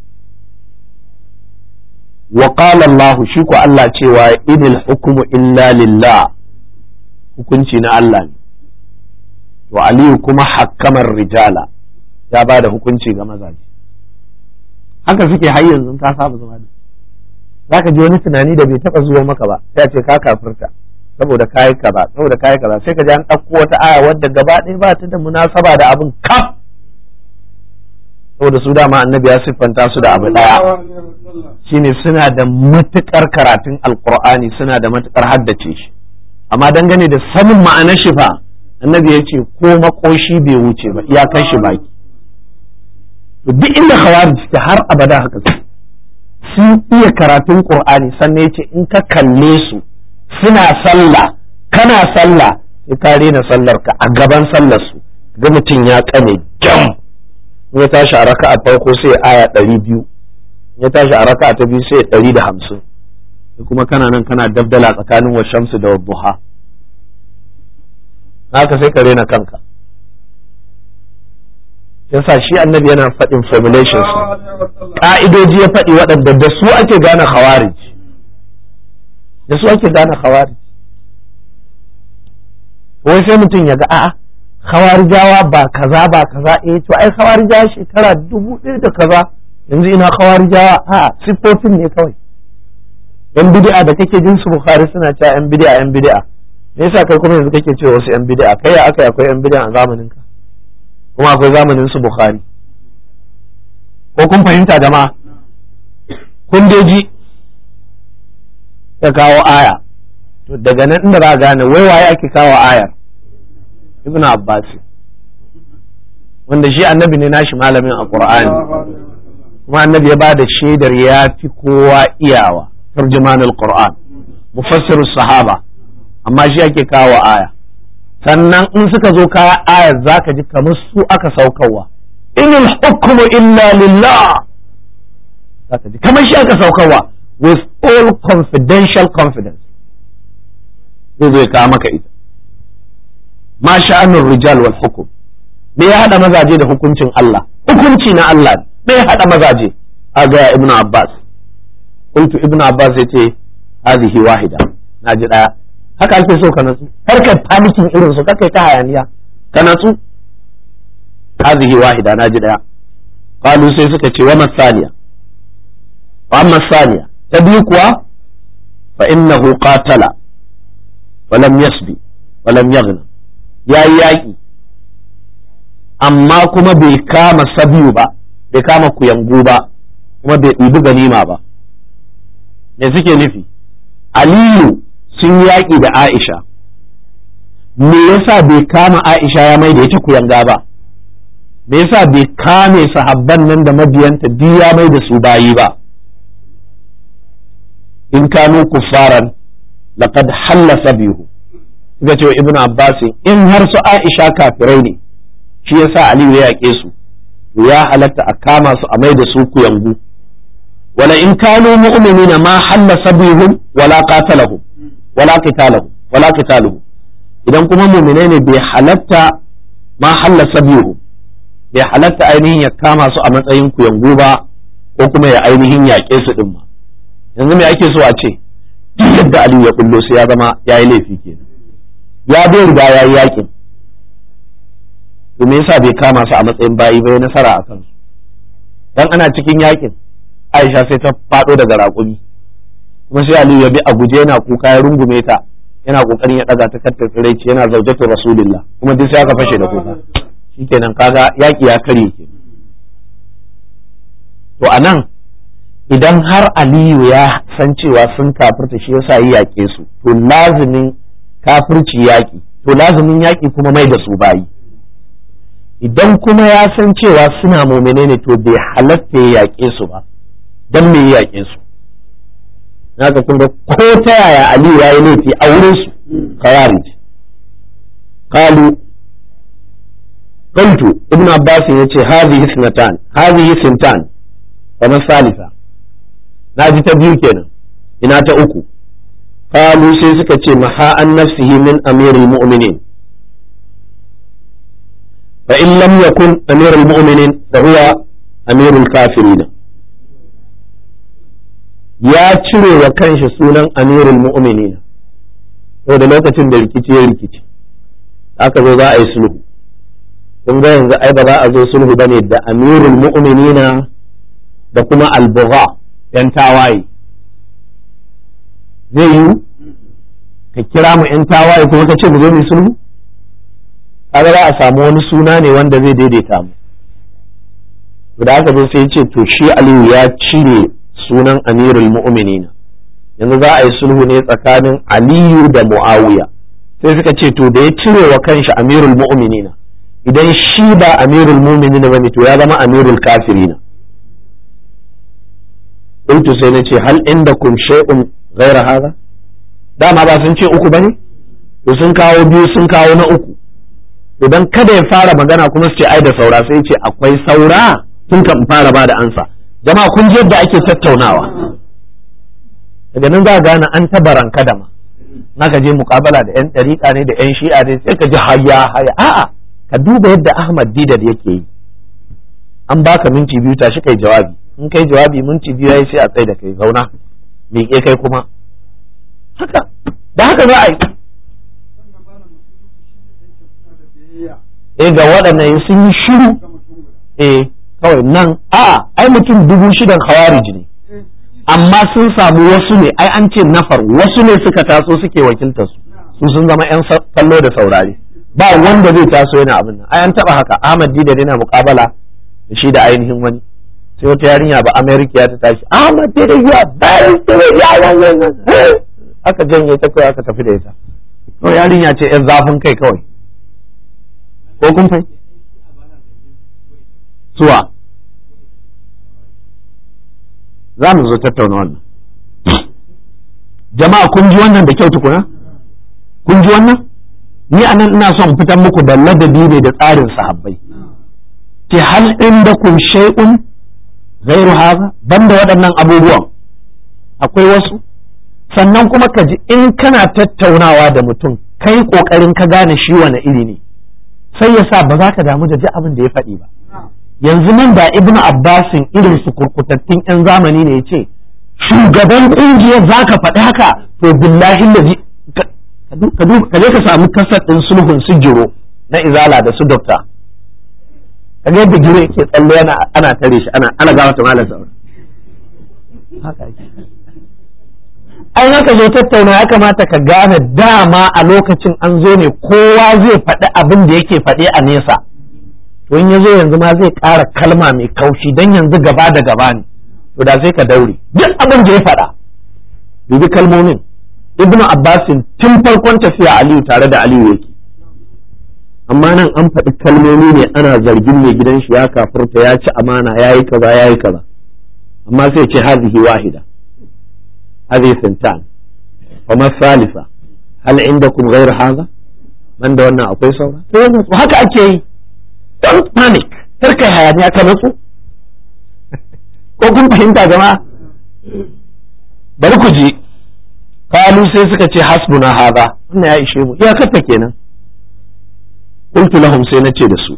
wa qala Allah shi ko Allah cewa idil hukmu illa lillah hukunci na Allah ne to Aliyu kuma hakkamar rijala ya ba da hukunci ga mazaje haka suke har yanzu ka saba zama da zaka ji wani tunani da bai taba zuwa maka ba sai ce ka kafirta saboda kayi kaza saboda kayi kaza sai ka ji an ɗauko wata aya wadda gaba ɗaya ba ta da munasaba da abin kaf saboda su dama annabi ya siffanta su da abu daya shine suna da matukar karatun alqur'ani suna da matukar haddace shi amma dangane da sanin ma'anar shi fa annabi ya ce ko makoshi bai wuce ba iyakar shi baki to duk inda khawarij ta har abada haka su sun iya karatun qur'ani sannan ya ce in ka kalle su suna sallah kana sallah sai ka rena sallar ka a gaban sallar su ga mutum ya kame jam ya tashi a raka'a farko sai aya ɗari biyu ya tashi a raka'a ta biyu sai ɗari da hamsin kuma kana nan kana dabdala tsakanin wa shamsu da buha haka sai ka rena kanka yasa shi annabi yana faɗin formulations ƙa'idoji ya faɗi waɗanda da su ake gane khawarij da su ake gane khawarij wai sai mutum ya ga a'a khawarijawa ba kaza ba kaza eh to ai khawarijawa shekara dubu ɗaya da kaza yanzu ina khawarijawa a sifofin ne kawai yan bidi'a da kake jin su bukhari suna cewa yan bid'a yan bid'a me yasa kai kuma yanzu kake cewa wasu yan bid'a kai ya aka akwai yan bid'a a zamanin ka kuma akwai zamanin su bukhari ko kun fahimta jama'a kun deji ka kawo aya to daga nan inda za gane wai waye ake kawo ayar ibn abbas wanda shi annabi ne nashi malamin a qur'ani kuma annabi ya ba da shaidar ya fi kowa iyawa tarjuman Kur'an, quran mufassir sahaba amma shi ake kawo aya sannan in suka zo kaya aya zaka ji kamar su aka saukarwa inil hukmu illa lillah zaka ji kamar shi aka saukarwa with all confidential confidence zai zo ya kawo maka ita ma sha'anur rijal wal hukum me ya hada mazaje da hukuncin Allah hukunci na Allah me ya hada mazaje a ga ibnu abbas qultu ibnu abbas yace hadhihi wahida naji daya haka ake so ka natsu kar kai panikin irin su kai ta hayaniya ka natsu hadhihi wahida naji daya qalu sai suka ce wa masaniya. wa masaniya. ta biyu kuwa fa innahu qatala wa lam yasbi wa lam yaghna ya yi yaƙi amma kuma bai kama sabiyu ba bai kama kuyangu ba kuma bai ɗibi ganima ba me suke nufi aliyu sun yaƙi da aisha me yasa bai kama aisha ya mai da ita kuyanga ba me yasa bai kame sahabban nan da mabiyanta duk ya mai da su bayi ba in kanu kuffaran laqad halla sabihu suka ce wa ibnu abbas in har su aisha kafirai ne shi yasa aliyu ya yaƙe su ya halatta a kama su a mai da su kuyangu wala in kanu mu'minina ma halla sabihum wala qatalahum wala qitalahum wala idan kuma mu'minai ne bai halatta ma halla sabihum bai halatta ainihin ya kama su a matsayin kuyangu ba ko kuma ya ainihin yaƙe su din ma yanzu me ake so a ce duk yadda Aliyu ya kullo sai ya zama yayi laifi kenan ya bai riga ya yi yakin to me yasa bai kama su a matsayin bayi bai nasara a kansu dan ana cikin yakin Aisha sai ta faɗo daga raƙumi kuma sai Aliyu ya bi a guje yana kuka ya rungume ta yana kokarin ya daga ta kattar tsiraici yana zaujatu rasulullah kuma duk sai aka fashe da kuka shikenan kaga yaki ya kare ke to anan idan har Aliyu ya san cewa sun kafirta shi yasa yi yake su to lazimin kafirci yaƙi to lazumin yaƙi kuma mai da su bayi idan kuma ya san cewa suna mumine ne to bai halatta ya yaƙe su ba don me ya yaƙe su naka kun ga ko ta yaya aliyu ya yi laifi a wurin su khawarij kalu qultu ibnu abbas ce hadhihi sintan hadhihi sintan kamar salisa na ji ta biyu kenan ina ta uku kalu sai suka ce maha an nafsihi min amirul mu'minin fa in lam yakun amirul mu'minin da huwa amirul kafirin ya cire wa kanshi sunan amirul mu'minin da lokacin da rikici ya rikici aka zo za a yi sulhu kun ga yanzu ai ba za a zo sulhu bane da amirul mu'minina da kuma al yan tawaye zai yi ka kira mu yan ya kuma ka ce mu zo mu sulhu kaga za a samu wani suna ne wanda zai daidaita mu da aka zo sai ce to shi aliyu ya cire sunan amirul mu'minin yanzu za a yi sulhu ne tsakanin aliyu da muawiya sai suka ce to da ya cire wa kanshi amirul mu'minin idan shi ba amirul ba ne, to ya zama amirul kafirina قلت hal inda kun شيء gaira haza dama ba sun ce uku bane to sun kawo biyu sun kawo na uku idan kada ya fara magana kuma su ce ai da saura sai ce akwai saura sun kan fara ba da ansa jama'a kun ji yadda ake tattaunawa daga nan za a gane an taba tabaran kadama naka je mukabala da yan ɗariƙa ne da yan shi'a ne sai ka ji haya haya a'a ka duba yadda Ahmad Didar yake yi an baka minti biyu tashi kai jawabi in kai jawabi minti biyu yayi sai a tsaye da kai zauna miƙe kai kuma haka da haka za a yi eh ga waɗannan sun yi shiru eh kawai nan a ai mutum dubu shidan hawari ne amma sun samu wasu ne ai an ce nafar wasu ne suka taso suke wakiltarsu su sun zama yan kallo da saurari. ba wanda zai taso yana abin nan ai an taɓa haka Ahmad Dida yana muƙabala da shi da ainihin wani sai wata yarinya ba amerika ya ta tashi Ahmad da you are very yawon ya wannan aka janye ta kawai aka tafi da ita to yarinya ce yan zafin kai kawai ko kun fai suwa za mu zo tattauna wannan jama'a kun ji wannan da kyau tukuna kun ji wannan ni a nan ina son fitan muku da ladabi ne da tsarin sahabbai ke hal inda kun shay'un zairu haza banda waɗannan abubuwan akwai wasu sannan kuma ka in kana tattaunawa da mutum kai kokarin ka gane shi wani iri ne sai ya sa ba za ka damu da ji abin da ya faɗi ba yanzu nan da ibnu abbasin irin su kurkutattun yan zamani ne ya ce shugaban ƙungiyar za ka faɗi haka to billahi laji ka je ka samu kasar ɗin sulhun su jiro na izala da su dokta kaga yadda gire ke tsalle yana ana tare shi ana ana gawa ta malam saura haka ai haka zo tattauna ya kamata ka gane dama a lokacin an zo ne kowa zai faɗi abin da yake faɗi a nesa to in ya yanzu ma zai ƙara kalma mai kaushi dan yanzu gaba da gaba ne to da sai ka daure duk abin da ya faɗa dubi kalmomin ibnu abbasin tun farkon tafiya aliyu tare da aliyu yake amma nan an faɗi kalmomi ne ana zargin mai gidan shi ya kafurta ya ci amana ya yi kaza ya yi kaza amma sai ce hazihi wahida hazihi sintan kuma salisa hal inda kun gairu haza man da wannan akwai saura to yana haka ake yi don panic kar kai hayaniya ka matsu ko kun fahimta jama'a bari ku ji kalu sai suka ce hasbuna haza wannan ya ishe mu iyakarta kenan qultu lahum sai nace da su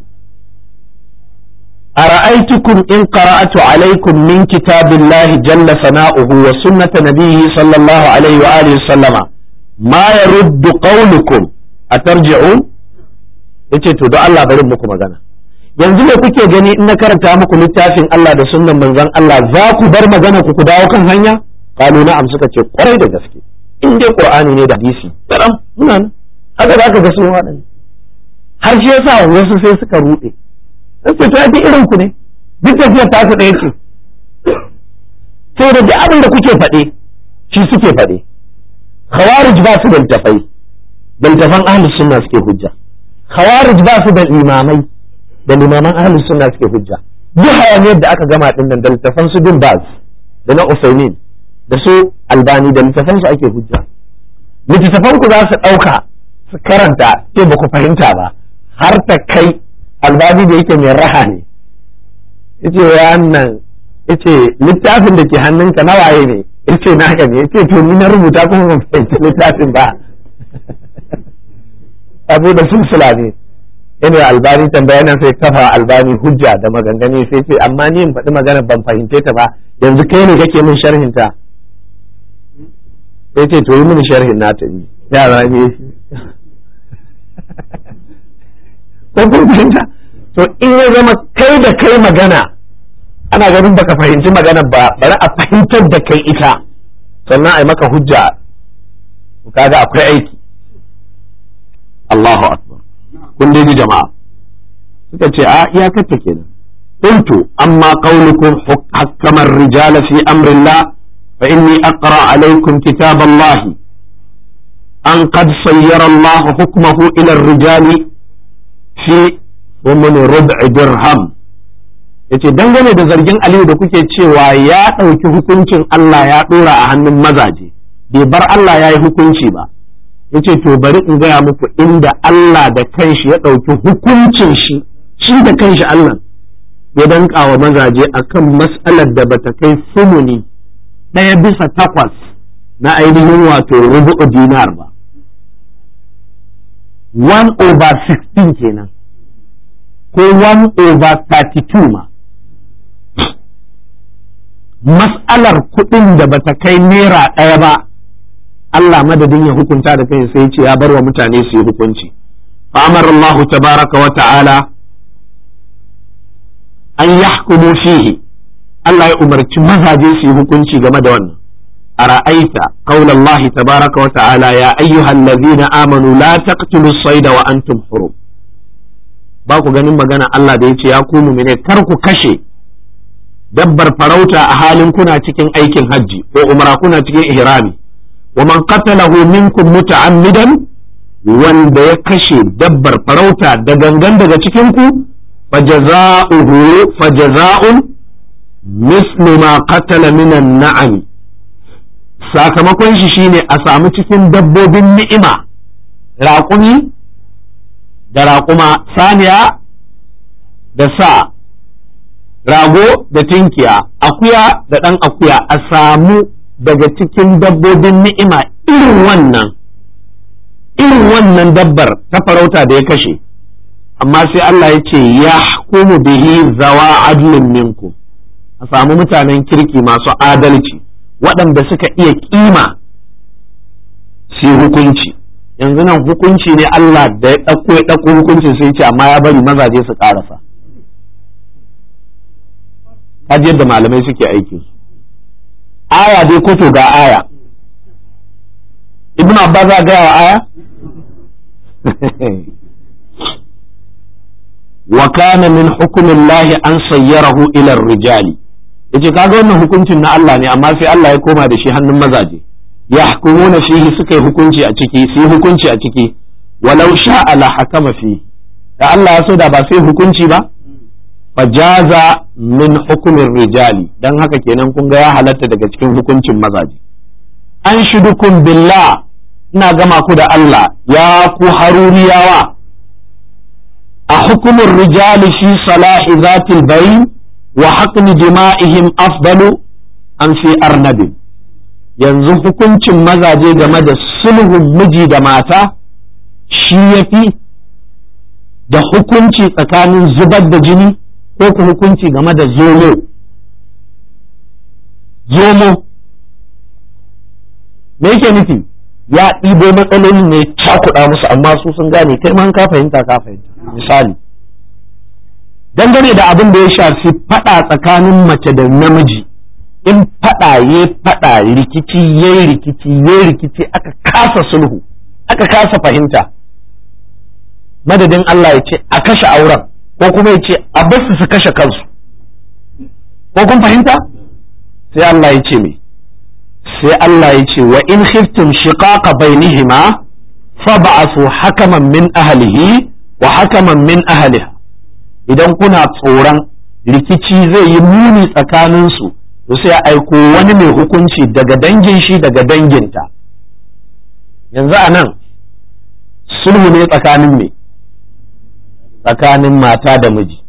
ara'aytukum in karatu alaykum min kitabillahi jalla sana'uhu wa sunnati nabiyhi sallallahu alaihi wa alihi sallama ma yaruddu qawlukum atarji'un yace to don Allah bari muku magana yanzu me kuke gani in na karanta muku littafin Allah da sunnan manzon Allah za ku bar magana ku dawo kan hanya qalu na'am suka ce kwarai da gaske in ne da hadisi muna nan haka ga har shi yasa wasu sai suka rude sai ta ji irin ku ne duk tafiyar ta ɗaya ce da duk abin da kuke faɗe shi suke faɗe khawarij ba su da tafai da tafan ahlus sunna suke hujja khawarij ba su da imamai da limaman ahlus sunna suke hujja duk hayaniyar da aka gama din nan da littafan su bin baz da na usaimin da su albani da littafan su ake hujja littafan ku za su ɗauka su karanta sai ba ku fahimta ba har ta kai albabi da yake mai raha ne yace nan yace littafin da ke hannunka na waye ne yace na haka ne yace to ni na rubuta kuma ban fahimci littafin ba abu da sulsula ne yana albani tambaya nan sai kafa albani hujja da maganganu sai ce amma ni in faɗi magana ban fahimce ta ba yanzu kai ne kake min sharhin ta sai ce to yi mini sharhin na ta yi yara ne ko fahimta to in ya zama kai da kai magana ana ganin baka fahimci magana ba bari a fahimtar da kai ita sannan a yi maka hujja kaga akwai aiki Allahu akbar kun dai jama'a suka ce a ah, iyakarta kenan قلت أما قولكم حكم الرجال في أمر الله فإني أقرأ عليكم كتاب الله أن قد صير الله حكمه إلى الرجال shi wa min rub'i dirham yace dangane da zargin Aliyu da kuke cewa ya ɗauki hukuncin Allah ya ɗora a hannun mazaje bai bar Allah ya yi hukunci ba yace to bari in gaya muku inda Allah da kanshi ya ɗauki hukuncin shi shi da kanshi Allah ya danka wa mazaje akan mas'alar da bata kai sumuni ɗaya bisa takwas na ainihin wato rubu'u dinar ba 1 over 16 kenan ko 1 over 32 ma mas'alar kuɗin da ba ta kai naira ɗaya ba Allah madadin ya hukunta da kai sai ce ya bar wa mutane su yi hukunci fa'amar Allah tabaraka wa ta'ala an yahkumu fihi Allah ya umarci mazaje su yi hukunci game da wannan a qawla Allah tabaraka wa ta'ala ya ayyuhan ladina amanu la taqtulus sayda wa antum hurum ba ku ganin magana Allah da ya ce ya ku mu'mine kar ku kashe dabbar farauta a halin kuna cikin aikin hajji ko umra kuna cikin ihrami wa man qatalahu minkum muta'ammidan wanda ya kashe dabbar farauta da gangan daga cikin ku fajaza'uhu fajaza'un mislu ma qatala minan na'am sakamakon shi shine a samu cikin dabbobin ni'ima raƙumi da raƙuma saniya da sa rago da tinkiya akuya da ɗan akuya a samu daga cikin dabbobin ni'ima irin wannan irin wannan dabbar ta farauta da ya kashe amma sai Allah ya ce ya hukumu bihi zawa adlin minku a samu mutanen kirki masu adalci waɗanda suka iya kima su hukunci yanzu nan hukunci ne Allah da ya ɗauko ya ɗauko hukuncin sai ce amma ya bari mazaje su ƙarasa kaji yadda malamai suke aiki aya dai koto ga aya ibn Abba za gaya wa aya wa kana min hukumin lahi an sayyarahu ila rijali yace kaga wannan hukuncin na Allah ne amma sai Allah ya koma da shi hannun mazaje hukumuna shi suka yi hukunci a ciki su hukunci a ciki walau sha'a la hakama fi da Allah ya so da ba sai hukunci ba fajaza min hukumin rijali dan haka kenan kun ga ya halatta daga cikin hukuncin mazaje an shudukum billah ina gama ku da Allah ya ku haruriyawa a hukumin rijali shi salahi zatil bayin wa haqni dima'ihim afdalu an fi arnabin yanzu hukuncin mazaje game da sulhun miji da mata shi yafi da hukunci tsakanin zubar da jini ko ku hukunci game da zomo zomo me yake nufi ya ɗibo matsaloli ne cakuɗa musu amma su sun gane kai man ka fahimta ka fahimta misali dangane da abin da ya shafi fada tsakanin mace da namiji in fada ya fada rikici ya rikici ya rikici aka kasa sulhu aka kasa fahimta madadin Allah ya ce a kashe auren ko kuma ya ce a basu su kashe kansu ko kun fahimta sai Allah ya ce me sai Allah ya ce wa in khiftum shiqaqa bainihima fab'athu hakaman min ahlihi wa hakaman min ahliha idan kuna tsoron rikici zai yi muni tsakaninsu su sai aiko wani mai hukunci daga dangin shi daga danginta yanzu a nan sulhu ne tsakanin me tsakanin mata da miji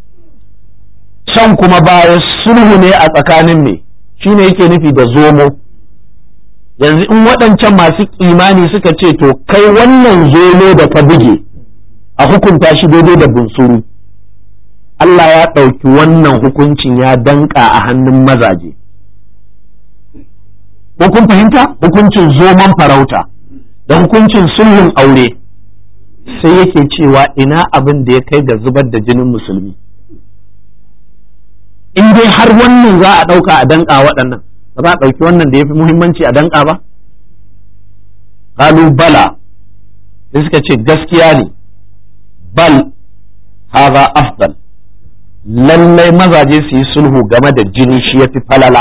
can kuma baya sulhu ne a tsakanin me ne yake nufi da zomo yanzu in waɗancan masu imani suka ce to kai wannan zomo da ka buge a hukunta shi daidai da bunsuru Allah ya ɗauki wannan hukuncin ya danka a hannun mazaje hukun fahimta hukuncin zoman farauta da hukuncin sulhun aure sai yake cewa ina abin da ya kai ga zubar da jinin musulmi in dai har wannan za a ɗauka a danka waɗannan ba za a ɗauki wannan da ya fi muhimmanci a danka ba qalu bala sai suka ce gaskiya ne bal haza afdal lallai mazaje su yi sulhu game da jini shi ya fi falala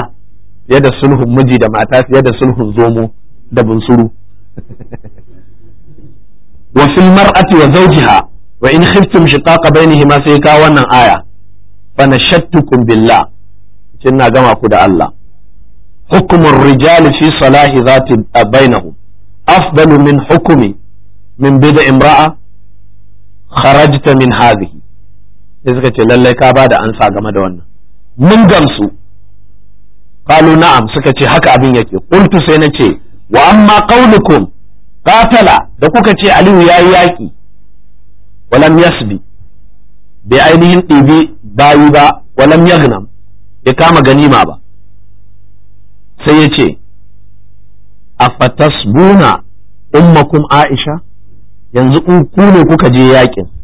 fiye da sulhun miji da mata fiye da sulhun zomo da bunsuru wa fil mar'ati wa zawjiha wa in khiftum shiqaqa bainihima sai ka wannan aya fa nashattukum billah kin na gama ku da Allah hukumur rijal fi salahi zati bainahum afdalu min hukmi min bid'i imra'a kharajta min hadhihi sai suka ce lallai ka ba da ansa game da wannan mun gamsu qalu na'am suka ce haka abin yake qultu sai na ce wa amma qaulukum qatala da kuka ce aliyu yayi yaki walam yasbi bai ainihin dibi bayi ba walam yagnam ya kama ganima ba sai ya ce afatasbuna ummakum aisha yanzu in ku ne kuka je yakin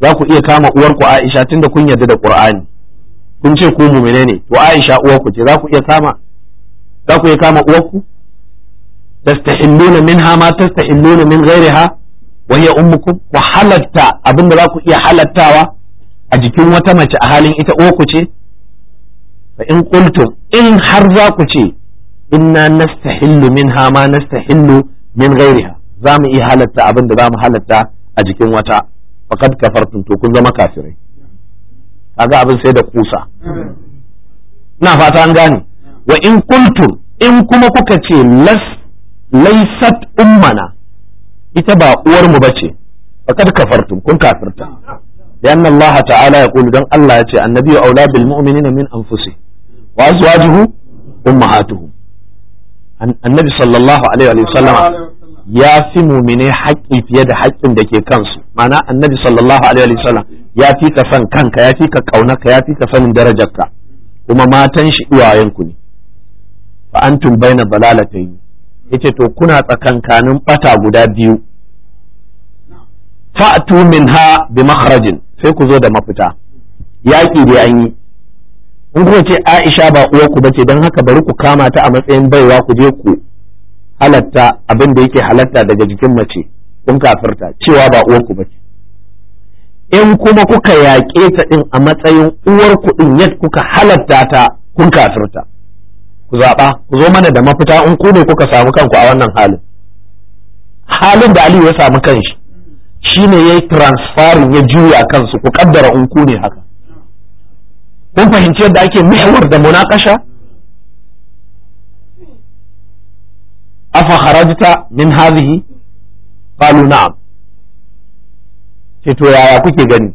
za ku iya kama uwarku Aisha tunda kun yarda da Qur'ani kun ce ku mu'mine ne to Aisha uwarku ce za ku iya kama za ku iya kama uwarku tastahilluna minha ma tastahilluna min ghairiha wa hiya ummukum ku halatta abinda za ku iya halattawa a jikin wata mace a halin ita uwarku ce fa in qultum in har za ku ce inna nastahillu minha ma nastahillu min ghairiha za mu iya halatta abinda za mu halatta a jikin wata faqad kafartum to kun zama kafirai kaga abin sai da kusa ina fata an gane wa in kuntum in kuma kuka ce las laysat ummana ita ba uwar mu bace faqad kafartum kun kafirta لأن الله تعالى يقول دان الله يتي النبي أولى بالمؤمنين من أنفسهم وأزواجه أمهاتهم النبي صلى الله عليه وسلم ya fi mumine haƙƙi fiye da haƙƙin da ke kansu ma'ana annabi sallallahu alaihi wasallam ya fi ka san kanka ya fi ka kaunaka ya fi ka sanin darajarka kuma matan shi iwayenku ne fa antum baina dalalatayn yace to kuna tsakankanin bata guda biyu fa'tu minha bi makhrajin sai ku zo da mafita yaƙi da an yi in kuka ce Aisha ba uwarku bace dan haka bari ku kama ta a matsayin baiwa ku je ku halatta abin da yake halatta daga jikin mace kun kafirta cewa ba uwarku ba ce in kuma kuka yaƙe ta ɗin a matsayin uwarku ɗin yadda kuka halatta ta kun kafirta ku zaɓa ku zo mana da mafita in ku ne kuka samu kanku a wannan halin halin da Aliyu ya samu kanshi shine yi transferin ya juya kansu ku kaddara in ku ne haka kun fahimci yadda ake mihawar da munakasha afa kharajta min hadhihi qalu na'am to yaya kuke gani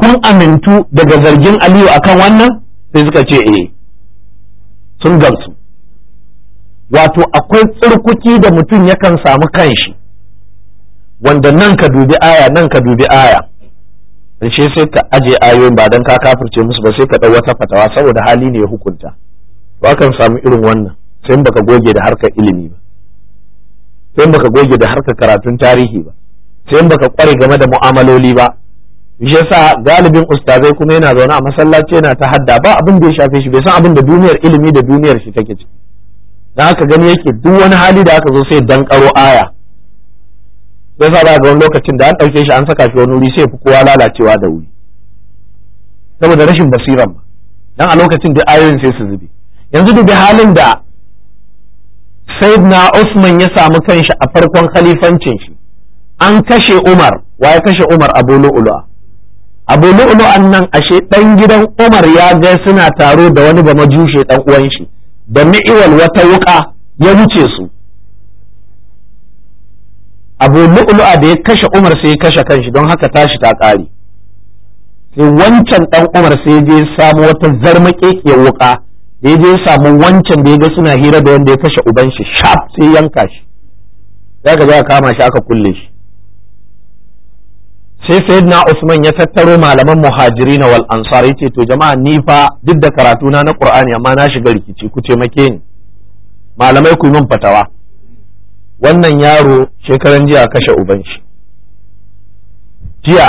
kun amintu daga zargin aliyu akan wannan sai suka ce eh sun gamsu wato akwai tsirkuki da mutum yakan samu kanshi wanda nan ka dubi aya nan ka dubi aya shi sai ka aje ayoyin ba don ka kafirce musu ba sai ka ɗau wata fatawa saboda hali ne ya hukunta ba kan samu irin wannan sai in baka goge da harkar ilimi ba sai in baka goge da harkar karatun tarihi ba sai in baka kware game da mu'amaloli ba yasa galibin ustazai kuma yana zaune a masallaci yana ta hadda ba abin da ya shafe shi bai san abin da duniyar ilimi da duniyar shi take ciki da aka gani yake duk wani hali da aka zo sai dan karo aya yasa ba ga wani lokacin da an dauke shi an saka shi wani wuri sai fi kowa lalacewa da wuri saboda rashin basiran ba dan a lokacin da ayoyin sai su zube yanzu dubi halin da saidna Usman ya samu kanshi a farkon khalifancin shi an kashe Umar wa ya kashe Umar Abu Lu'lu'a Abu Lu'lu'an nan ashe dan gidan Umar ya ga suna taro da wani bamajushe dan uwan shi da mi'iwal wata wuka ya wuce su abu lu'lu'a da ya kashe umar sai ya kashe kanshi don haka tashi ta ƙare sai wancan ɗan umar sai je samu wata zarmakekiyar wuka da ya samu wancan da ya ga suna hira da wanda ya kashe uban shi sharp sai yanka shi za ka zaka kama shi aka kulle shi sai sayyidina Usman ya tattaro malaman muhajirina wal ansar yace to jama'a ni fa duk da karatuna na Qur'ani amma na shiga rikici ku taimake ni malamai ku yi min fatawa wannan yaro shekaran jiya kashe uban shi jiya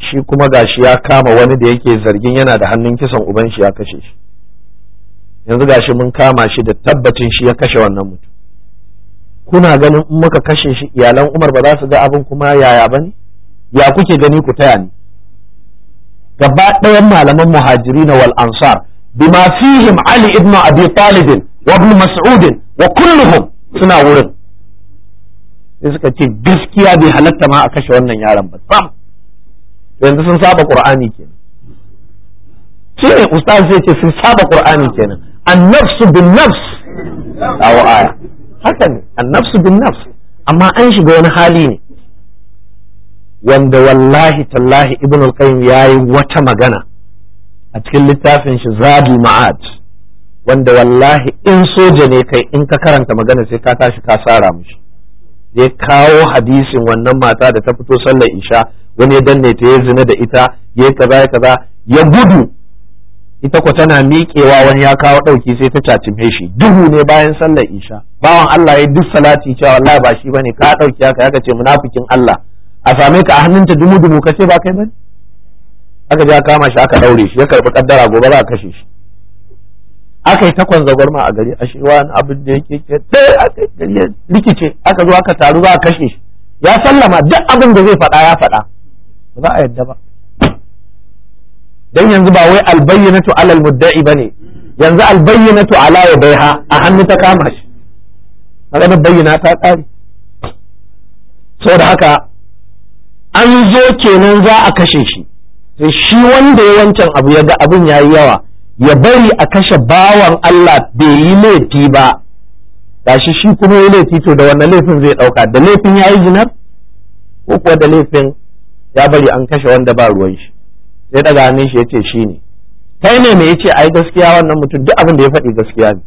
shi kuma gashi ya kama wani da yake zargin yana da hannun kisan uban shi ya kashe shi yanzu gashi mun kama shi da tabbacin shi ya kashe wannan mutum kuna ganin in muka kashe shi iyalan Umar ba za su ga abin kuma yaya ba ne ya kuke gani ku taya ni gaba ɗayan malaman muhajirina wal ansar bima fihim Ali ibn Abi Talib wa ibn Mas'ud wa kulluhum suna wurin sai suka ce gaskiya bai halatta ma a kashe wannan yaron ba sam yanzu sun saba qur'ani kenan shi ne ustaz zai ce sun saba qur'ani kenan annafsu bin nafs aya Hakan annafsu bin nafs amma an shiga wani hali ne wanda wallahi tallahi ibn al-qayyim yayi wata magana a cikin littafin shi zadul ma'ad wanda wallahi in soja ne kai in ka karanta magana sai ka tashi ka sara mushi ya kawo hadisin wannan mata da ta fito sallar isha wani ya danne ta ya zina da ita ya kaza ya kaza ya gudu ita ko tana miƙewa wani ya kawo ɗauki sai ta cacime shi duhu ne bayan sallar isha bawan Allah ya duk salati cewa wallahi ba shi bane ka ɗauki haka ya ce munafikin Allah a same ka a hannunta dumu dumu kace ba kai bane aka ja kama shi aka daure shi ya karbi kaddara gobe za a kashe shi aka yi takwan gwarma a gari ashe wani abin da yake ke ɗaya aka rikice aka zo aka taru za a kashe shi ya sallama duk abin da zai faɗa ya faɗa ba za a yadda ba dan yanzu ba wai albayyanatu alal mudda'i bane yanzu albayyanatu ala ya baiha a hannu ta kama shi maganar bayyana ta kare saboda haka an zo kenan za a kashe shi sai shi wanda ya wancan abu ya ga abin yayi yawa ya bari a kashe bawan Allah bai yi laifi ba da shi shi kuma ya laifi to da wannan laifin zai dauka da laifin yayi jinar ko kuwa da laifin ya bari an kashe wanda ba ruwan shi sai daga hannun shi ya ce shi ne kai ne mai yace ai gaskiya wannan mutum duk abin da ya faɗi gaskiya ne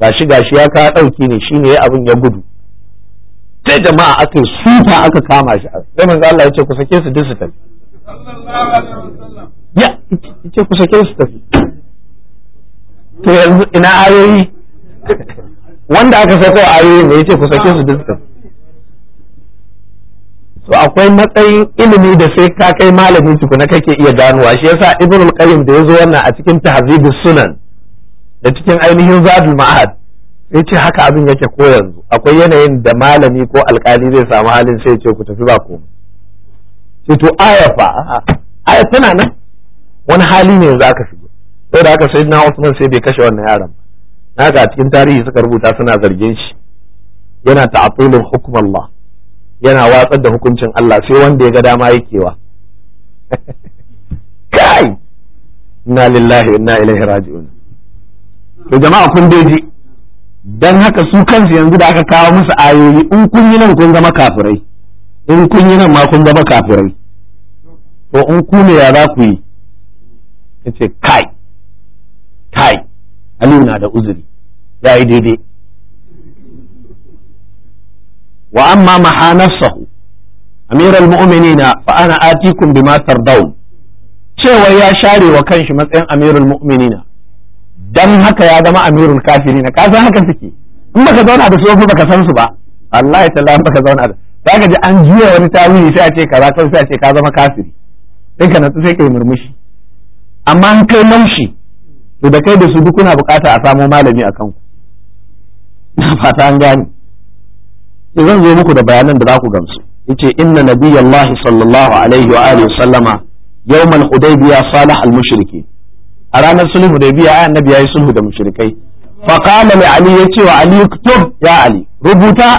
gashi gashi ya ka ɗauki ne shi ne ya abin ya gudu sai jama'a aka yi suta aka kama shi sai manzo Allah ya ce ku sake su duk su tafi ya ce ku sake su tafi to yanzu ina ayoyi wanda aka sako ayoyi ne ya ce ku sake su duk su tafi to akwai matsayin ilimi da sai ka kai malamin tukuna kake iya ganowa shi yasa ibn al-qayyim da yazo wannan a cikin tahzibus sunan da cikin ainihin zadul ma'ad sai ce haka abin yake ko yanzu akwai yanayin da malami ko alkali zai samu halin sai ce ku tafi ba ku ce to aya fa aya tana nan wani hali ne yanzu aka shigo sai da aka sai na Usman sai bai kashe wannan yaron na ga cikin tarihi suka rubuta suna zargin shi yana ta'atulul hukm Allah yana watsar da hukuncin Allah sai wanda ya ga dama yakewa kai inna lillahi inna ilaihi raji'un to jama'a kun daji dan haka su kansu yanzu da aka kawo musu ayoyi in kun yi nan kun zama kafirai in kun yi nan ma kun zama kafirai to in ku ne ya za ku yi kace kai kai Aliyu na da uzuri ya yi daidai wa amma maha nafsahu amiral mu'minina fa ana atikum bima tardau cewa ya share wa kanshi matsayin amirul mu'minina dan haka ya zama amirul kafirina ka san haka suke in baka zauna da su baka san su ba wallahi tallahi baka zauna da zaka an jiya wani tawili sai a ce ka kai sai a ce ka zama kafiri sai ka natsu sai kai murmushi amma an kai maushi, to da kai da su duk kuna bukata a samo malami a kanku na fata an gane Eh, zan zo muku da bayanan da za ku gamsu yace inna nabiyallahi sallallahu alaihi wa alihi sallama yawmal hudaybiya salih al mushriki a ranar sulhu biya ayan nabi yayi sulhu da mushrikai fa qala li ali yace wa ali kutub ya ali rubuta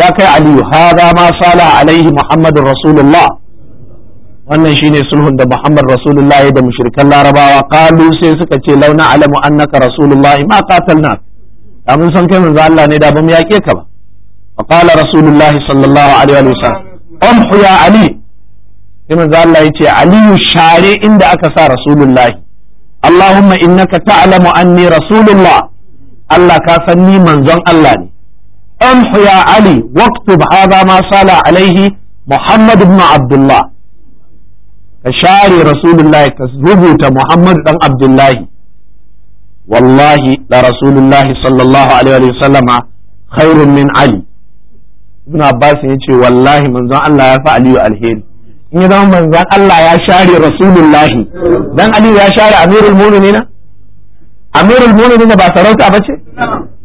ya kai ali hada ma salih alaihi muhammadur rasulullah wannan shine sulhun da muhammad rasulullah da mushrikan larabawa qalu sai suka ce launa alamu annaka rasulullah ma qatalna da mun san kai manzo Allah ne da bamu yake ka ba فقال رسول الله صلى الله عليه وسلم امحو يا علي sai manzo Allah yace aliyu share inda aka sa rasulullahi allahumma innaka ta'lamu anni rasulullah Allah ka san ni manzon Allah ne amhu ya ali waktub hadha ma sala alaihi muhammad ibn abdullah ka share rasulullahi ka rubuta muhammad dan abdullahi wallahi da rasulullahi sallallahu alaihi wa sallama khairun min ali ibn abbas ya ce wallahi manzon Allah ya fa aliyu alheri in ya zama manzon Allah ya share rasulullahi dan aliyu ya share amirul mu'minin amirul mu'minin ba sarauta ba ce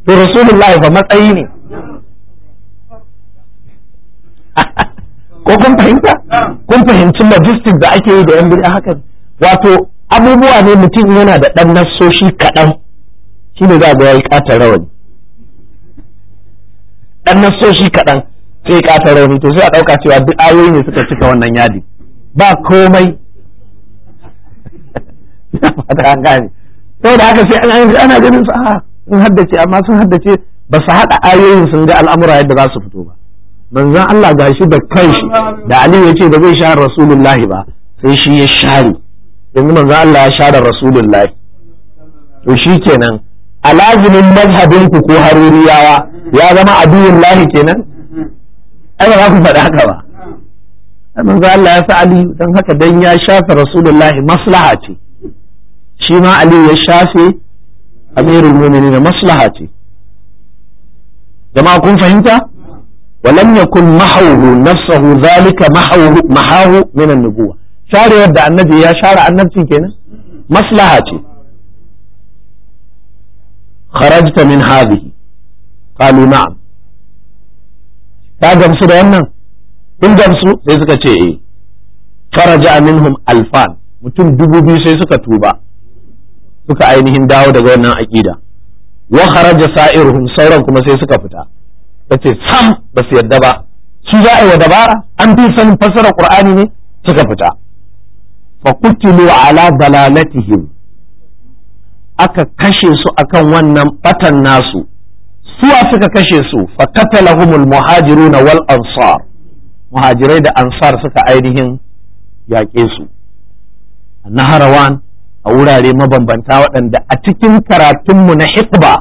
to rasulullahi fa matsayi ne ko kun fahimta kun fahimci logistics da ake yi da yan bid'a haka wato abubuwa ne mutum yana da dan nasoshi kaɗan shine za ga yayi katarawa rawani dan nassoshi kaɗan sai ƙata rauni to sai a ɗauka cewa duk ayoyi ne suka cika wannan yadi ba komai an saboda haka sai ana ganin su a ah, sun haddace amma sun haddace ba su haɗa ayoyin sun ga al'amura yadda za su fito ba manzon Allah gashi da kanshi da Ali ya ce ba zai share rasulullahi ba sai shi ya share yanzu manzon Allah ya share rasulullahi to shi kenan alazimin mazhabin ku ko haruriyawa ya zama aduwin lahi kenan ai ba za faɗi haka ba manzo Allah ya sa Ali dan haka dan ya shafe Rasulullahi maslaha ce shi ma Ali ya shafe Amirul Mu'minin maslaha ce jama'a kun fahimta walam yakun mahawhu nafsuhu zalika mahawhu mahahu min an-nubuwa share annabi ya share annabci kenan maslaha ce kharajta min hadhihi qalu na'am gamsu da wannan kun gamsu sai suka ce eh faraja minhum alfan mutum dubu biyu sai suka tuba suka ainihin dawo daga wannan aƙida wa kharaja sa'iruhum sauran kuma sai suka fita kace sam ba su yadda ba su za a yi wa dabara an bi sanin fasara qur'ani ne suka fita fa kutilu ala dalalatihim aka kashe su akan wannan batan nasu suwa suka kashe su fa qatalahumul muhajiruna wal ansar muhajirai da ansar suka ainihin yaƙe su a naharawan a wurare mabambanta waɗanda a cikin karatunmu na hikba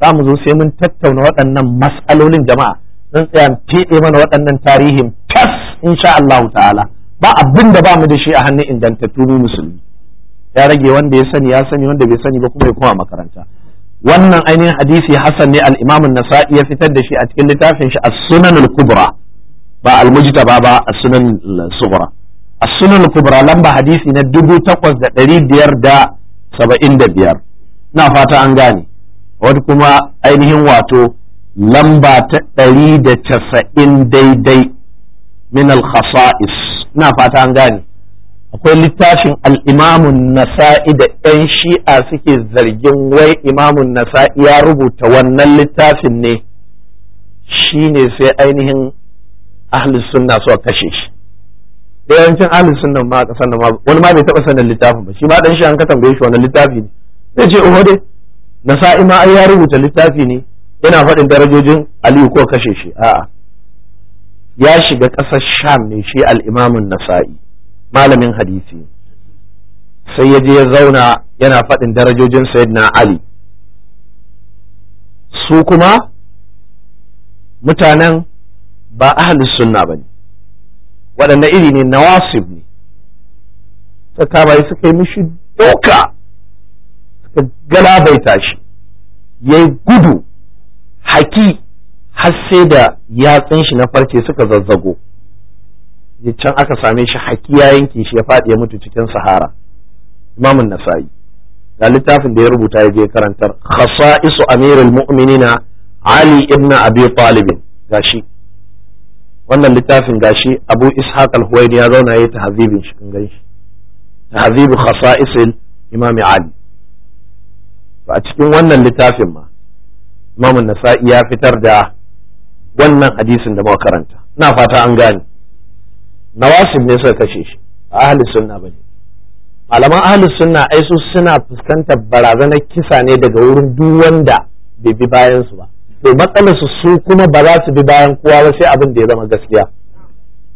za mu zo sai mun tattauna waɗannan matsalolin jama'a don tsaya fiɗe mana waɗannan tarihin tas insha Allah ta'ala ba abin da ba mu da shi a hannun ingantattu musulmi ya rage wanda ya sani ya sani wanda bai sani ba kuma ya koma makaranta wannan ainihin hadisi hasan ne al-imam an-nasa'i ya fitar da shi a cikin littafin shi as-sunan al-kubra ba al-mujtaba ba as-sunan al-sughra as-sunan al-kubra lamba hadisi na 8575 na fata an gane wata kuma ainihin wato lamba ta ɗari da casa'in daidai min al-khasa'is na fata an gane akwai littafin al'imamun nasa'i da 'yan shi'a suke zargin wai imamun nasa'i ya rubuta wannan littafin ne shi ne sai ainihin ahlus sunna suka kashe shi yawancin ahli sunna ma kasan ma wani ma bai taba sanin littafin ba shi ma dan shi an ka shi wannan littafi ne zai ce oho dai nasa'i ma ya rubuta littafi ne yana faɗin darajojin aliyu ko kashe shi a'a ya shiga ƙasar sham ne shi al-imamun nasa'i malamin hadisi sai ya je ya zauna yana faɗin darajojin sayyidina ali su kuma mutanen ba ahalus sunna ba ne waɗanda iri ne nawasib ne bai suka yi mishi doka suka galabaita shi ya gudu haki har sai da yatsun shi na farce suka zazzago je can aka same shi haƙi ya yanke shi ya faɗi ya mutu cikin sahara imamun nasa'i ga littafin da ya rubuta ya je karantar khasa'isu amirul mu'minina ali ibn abi talib gashi wannan littafin gashi abu ishaq al-huwaini ya zauna yayi tahzibin shi kun ganshi tahzibu khasa'isil imam ali to a cikin wannan littafin ma imamun nasa'i ya fitar da wannan hadisin da muka karanta ina fata an gane nawasib ne suka kashe shi ahli sunna bane malaman ahli sunna ai su suna fuskantar barazanar kisa ne daga wurin duk wanda bai bi bayan su ba to matsalar su su kuma ba za su bi bayan kowa ba sai abin da ya zama gaskiya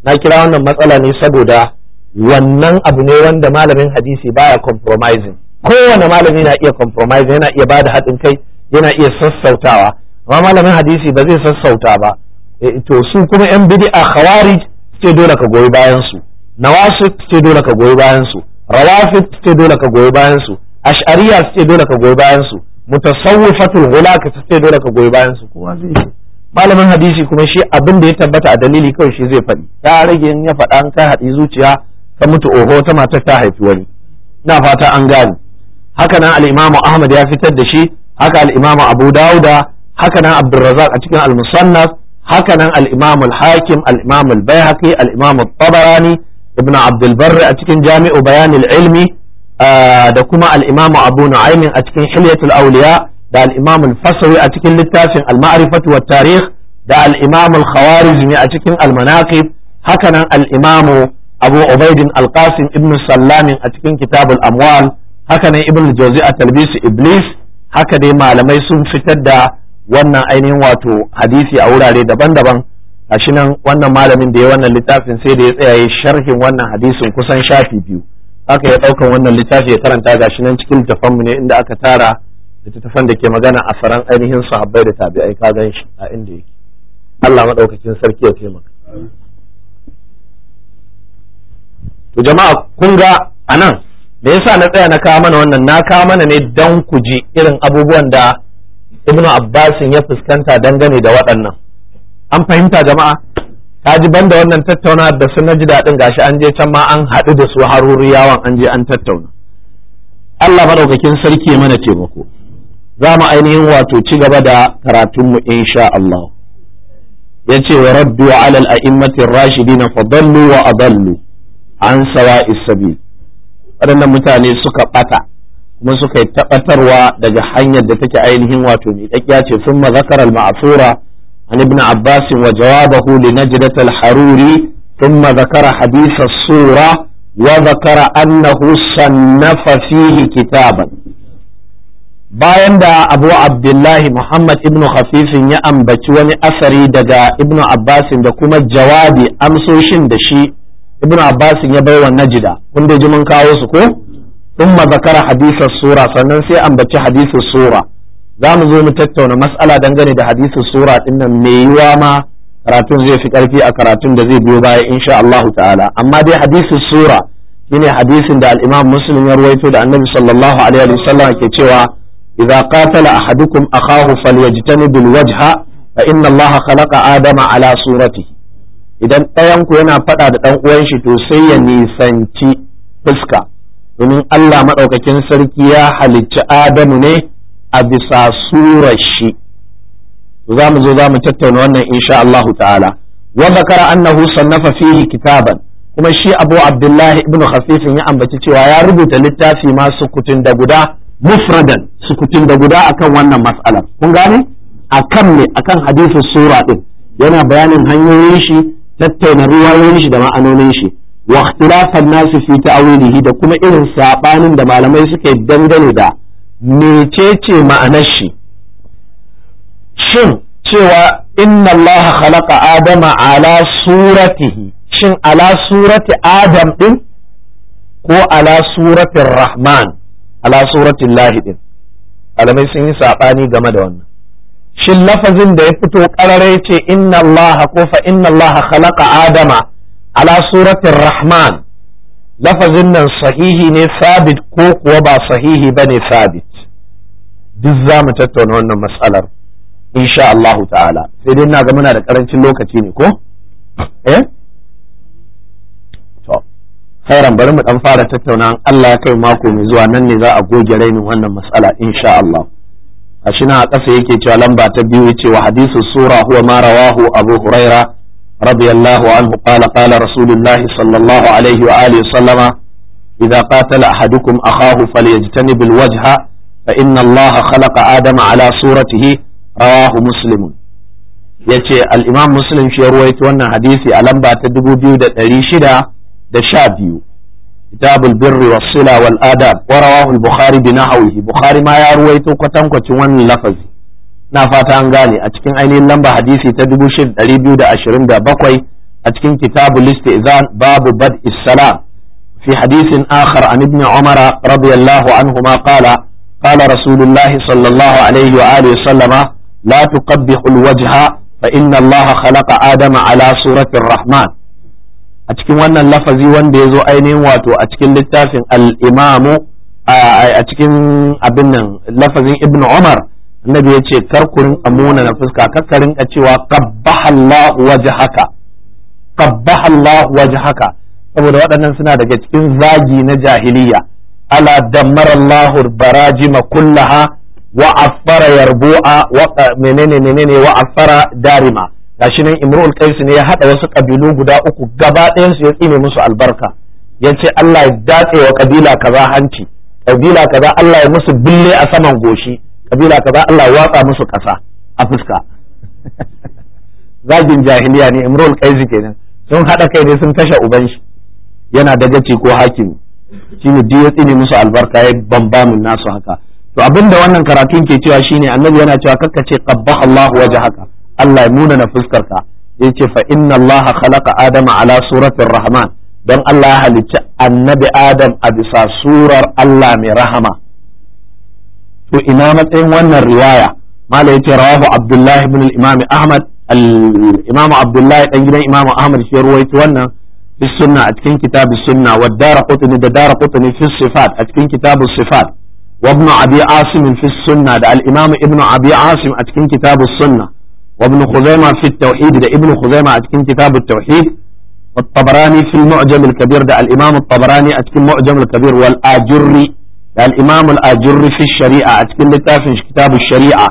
na kira wannan matsala ne saboda wannan abu ne wanda malamin hadisi baya compromising kowane malami na iya compromising yana iya bada haɗin kai yana iya sassautawa amma malamin hadisi ba zai sassauta ba eh, to su kuma yan bid'a khawarij ce dole ka goyi bayan su ce dole ka goyi bayan su ce dole ka goyi bayan su ash'ariya ce dole ka goyi bayan su mutasawwifatul ghulaka ce dole ka goyi bayan su kowa zai yi malamin hadisi kuma shi abin da ya tabbata a dalili kawai shi zai faɗi ta rage in ya faɗa an kai haɗi zuciya ka mutu oho ta matar ta haifi wani na fata an gane haka nan al-imamu ahmad ya fitar da shi haka al-imamu abu dauda haka nan abdurrazzaq a cikin al-musannaf hakanan al-imam al-hakim al-imam al-bayhaqi al al-tabarani ibn a cikin jami'u bayan ilmi ah, da kuma al'imamu imam abu a cikin hilyatul auliya da al al-fasawi a cikin littafin al-ma'rifatu wat-tarikh da al-imam al-khawarizmi a cikin al-manaqib hakanan al'imamu imam abu ubaidin al-qasim ibn sallamin a cikin kitabul amwal hakanan ibn jozi a talbisi iblis haka dai malamai sun fitar da wannan ainihin wato hadisi a wurare daban-daban shi nan wannan malamin da ya wannan littafin sai da ya tsaya ya sharhin wannan hadisin kusan shafi biyu aka ya ɗaukan wannan littafi ya karanta gashi nan cikin littafanmu ne inda aka tara littattafan da ke magana a faran ainihin sahabbai da tabi'ai ka gan shi a inda yake Allah maɗaukakin sarki ya taimaka to jama'a kun ga anan me yasa na tsaya na kawo mana wannan na kawo mana ne don ku ji irin abubuwan da ibnu abbasin ya fuskanta dangane da waɗannan an fahimta jama'a ka ji banda wannan tattauna da su na ji daɗin gashi an je can ma an haɗu da su yawon an je an tattauna Allah maɗaukakin sarki ya mana taimako za mu ainihin wato ci gaba da karatunmu insha Allah ya ce wa wa raddu ala al'a'immatin rashidina fadallu wa adallu an sawa isabi waɗannan mutane suka ɓata kuma suka yi tabatarwa daga hanyar da take ainihin wato mai tsakiya ce sun zakara al-ma'sura an ibn abbas wa jawabahu li najdat al-haruri sun ذكر حديث الصورة وذكر أنه صنف فيه kitaban. bayan da abu abdullahi muhammad ibnu khafifin ya ambaci wani asari daga ibnu abbasin da kuma jawabi amsoshin da shi ibnu abbasin ya bai wa najida kun dai mun kawo su ko thumma zakara hadisar sura sannan sai ambaci hadisin sura za mu zo mu tattauna mas'ala dangane da hadisin sura din nan me yiwa ma karatun zai fi karfi a karatun da zai biyo baya insha Allah ta'ala amma dai hadisin sura shine hadisin da al-Imam Muslim ya ruwaito da Annabi sallallahu alaihi sallam ke cewa idza qatala ahadukum akahu falyajtanib al-wajha fa inna Allah khalaqa adama ala surati idan ɗayan ku yana faɗa da ɗan uwan shi to sai ya nisanci fuska domin Allah maɗaukakin sarki ya halicci Adamu ne a bisa surar shi za mu zo za mu tattauna wannan insha Allah ta'ala wa zakara annahu sannafa fihi kitaban kuma shi Abu Abdullah ibn Khafif ya ambaci cewa ya rubuta littafi ma sukutun da guda mufradan sukutun da guda akan wannan mas'ala kun gane akan me akan hadisin sura din yana bayanin hanyoyin shi tattauna ruwayoyin shi da ma'anonin shi wa ikhtilafan ta fi ta'wilihi da kuma irin saɓanin da malamai suke dangane da mecece ma'anar shi shin cewa inna Allah khalaqa adama ala suratihi shin ala surati adam ɗin ko ala suratin rahman ala suratin lahi din alamai sun yi saɓani game da wannan shin lafazin da ya fito ƙarare ce inna Allah ko fa inna Allah khalaqa adama ala suratin rahman lafazin nan sahihi ne sabit ko kuwa ba sahihi ba ne sabit duk za mu tattauna wannan matsalar insha Allah ta'ala sai dai na ga muna da karancin lokaci ne ko eh khairan bari mu dan fara tattauna Allah ya kai mako mai zuwa nan ne za a goge rainin wannan matsala insha Allah a shi na a ƙasa yake cewa lamba ta biyu yace wa hadisu sura huwa ma rawahu abu huraira رضي الله عنه قال قال رسول الله صلى الله عليه وآله وسلم إذا قاتل أحدكم أخاه فليجتنب الوجه فإن الله خلق آدم على صورته رواه مسلم yace al-Imam Muslim shi ya ruwaito wannan hadisi a lamba ta 2612 كتاب البر والصلة والآداب ورواه البخاري بنحوه بخاري ما يروي توقتن كتوان لفظ na fata an gane a cikin ainihin lamba hadisi ta 6227 a cikin kitabu listizan babu bad salam fi hadisin akhar an ibn umar radiyallahu anhuma qala qala rasulullahi sallallahu alaihi wa alihi sallama la tuqabbihu alwajha fa inna allaha khalaqa adama ala surati rahman a cikin wannan lafazi wanda ya zo ainihin wato a cikin littafin al-imamu a cikin abin nan lafazin ibn umar annabi ya ce kar amuna na fuska kar ka rinka cewa qabbahallahu wajhaka qabbahallahu saboda waɗannan suna daga cikin zagi na jahiliya ala damarallahu barajima kullaha wa afara yarbu'a wa menene menene wa afara darima gashi nan imrul qais ne ya hada wasu kabilu guda uku gaba ɗayan su ya tsine musu albarka yace Allah ya datse wa kabila kaza hanci kabila kaza Allah ya musu bille a saman goshi kabila kaza Allah ya watsa musu ƙasa a fuska zagin jahiliya ne imrul qaisi kenan sun haɗa kai ne sun kashe uban shi yana dagaci ko hakimi shine duk ya tsine musu albarka ya bambamin nasu haka to abinda wannan karatun ke cewa shine annabi yana cewa kakka ce qabba Allahu wajhaka Allah ya nuna na fuskar ka yace fa inna Allah khalaqa adama ala suratir rahman dan Allah ya halicci annabi adam a bisa surar Allah mai rahama to ina matsayin wannan riwaya malai yace rawahu abdullahi ibn al-imam ahmad al-imam abdullahi dan gidan imam ahmad shi ruwaito wannan fi sunna a cikin kitab sunna wa daraqutni da daraqutni fi sifat a cikin kitab sifat wa ibn abi asim fi sunna da al-imam ibn abi asim a cikin kitab sunna wa ibn khuzaimah fi tauhid da ibn khuzaimah a cikin kitab tauhid والطبراني في المعجم الكبير ده الإمام الطبراني أتكلم معجم الكبير والآجري da al-imam shari'a a cikin littafin kitabu shari'a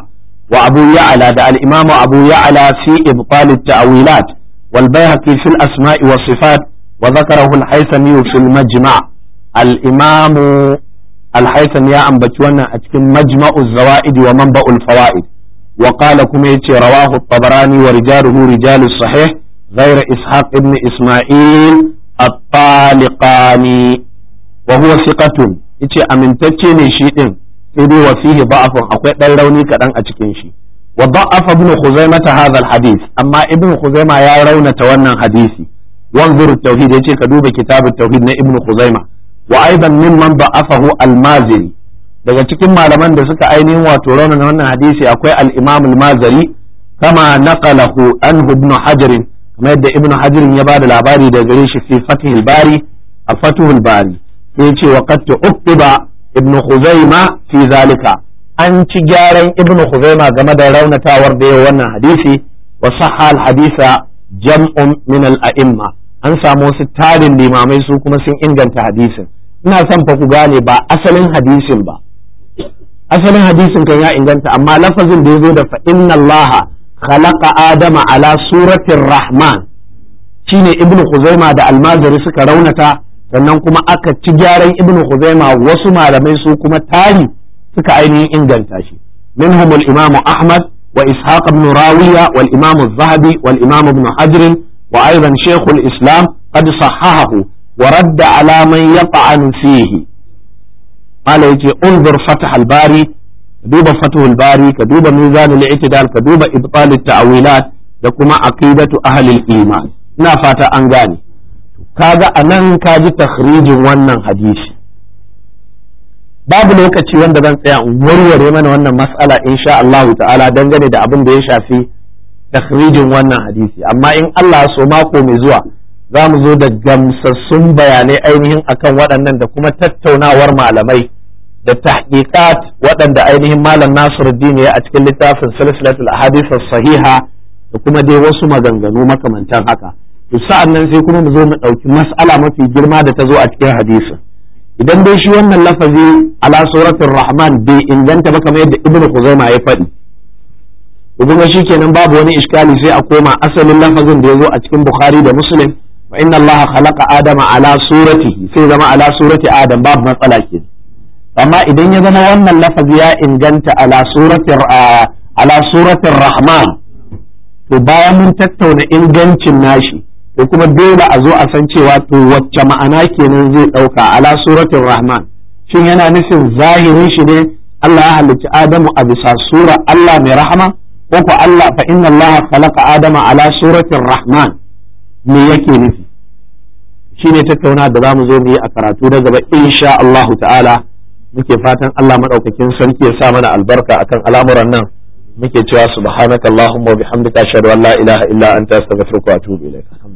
wa abu da al-imam abu ya'ala fi ibtal at-ta'wilat wal bayhaqi fi al-asma'i was sifat wa dhakarahu al-haythami fi majma al-imam al-haythami ya ambaci wannan a cikin majma'u zawaid wa manba'ul fawaid wa qala kuma yace rawahu at-tabarani wa rijaluhu rijalu sahih غير إسحاق ابن إسماعيل yace amintacce ne shi din sai dai wa fihi da'afun akwai dan rauni kadan a cikin shi wa da'afa ibn khuzaimah hadha hadith amma ibn khuzaimah ya raunata wannan hadisi wanzur tauhid yace ka duba kitabut tauhid na ibn khuzaimah wa aidan mimman da'afahu al-maziri daga cikin malaman da suka ainihin wato raunana wannan hadisi akwai al-imam al-mazari kama naqalahu anhu ibn hajar kamar yadda ibn hajar ya bada labari daga gare shi fi fathul bari a fathul bari sai ce wa qad uqiba khuzaima fi zalika an ci gyaran ibnu khuzaima game da raunatawar da yawa wannan hadisi wa sahha al hadisa jam'un min al a'imma an samu wasu tarin limamai su kuma sun inganta hadisin ina son fa ku gane ba asalin hadisin ba asalin hadisin kan ya inganta amma lafazin da yazo da fa inna allaha khalaqa adama ala suratir rahman shine ibnu khuzaima da almazari suka raunata sannan kuma aka ci gyaran ibn Khuzaima wasu malamai su kuma tari suka ainihin inganta shi منهم الإمام أحمد وإسحاق بن راوية والإمام الذهبي والإمام ابن حجر وأيضا شيخ الإسلام قد صححه ورد على من يطعن فيه قال يجي انظر فتح الباري كدوب فتح الباري كدوب ميزان الاعتدال كدوب إبطال التأويلات لكما عقيدة أهل الإيمان نا فاتا أنغاني kaga anan ka ji takhrijin wannan hadisi babu lokaci wanda zan tsaya in warware mana wannan mas'ala insha Allah ta'ala dangane da abin da ya shafi takhrijin wannan hadisi amma in Allah so mako mai zuwa za mu zo da gamsassun bayanai ainihin akan waɗannan da kuma tattaunawar malamai da tahqiqat waɗanda ainihin malam Nasiruddin ya a cikin littafin silsilatul ahadith sahiha da kuma dai wasu maganganu makamantan haka to sa'an nan sai kuma mu zo mu ɗauki mas'ala mafi girma da ta zo a cikin hadisin idan dai shi wannan lafazi ala suratul rahman bai inganta ba kamar yadda ibnu khuzaima ya faɗi to kuma shikenan babu wani iskali sai a koma asalin lafazin da ya zo a cikin bukhari da muslim wa inna allaha khalaqa adama ala suratihi sai zama ala surati adam babu matsala kenan amma idan ya zama wannan lafazi ya inganta ala suratul rahman to bayan mun tattauna ingancin nashi to kuma dole a zo a san cewa to wacce ma'ana kenan zai ɗauka ala suratul rahman shin yana nufin zahirin shi ne Allah ya halicci Adamu a bisa sura Allah mai rahama ko ko Allah fa inna Allah khalaqa Adama ala suratul rahman me yake nufi shine tattauna da zamu zo mu yi a karatu na gaba insha Allah ta'ala muke fatan Allah madaukakin sarki ya sa mana albarka akan al'amuran nan muke cewa subhanakallahumma wa bihamdika ashhadu an la ilaha illa anta astaghfiruka wa atubu ilaik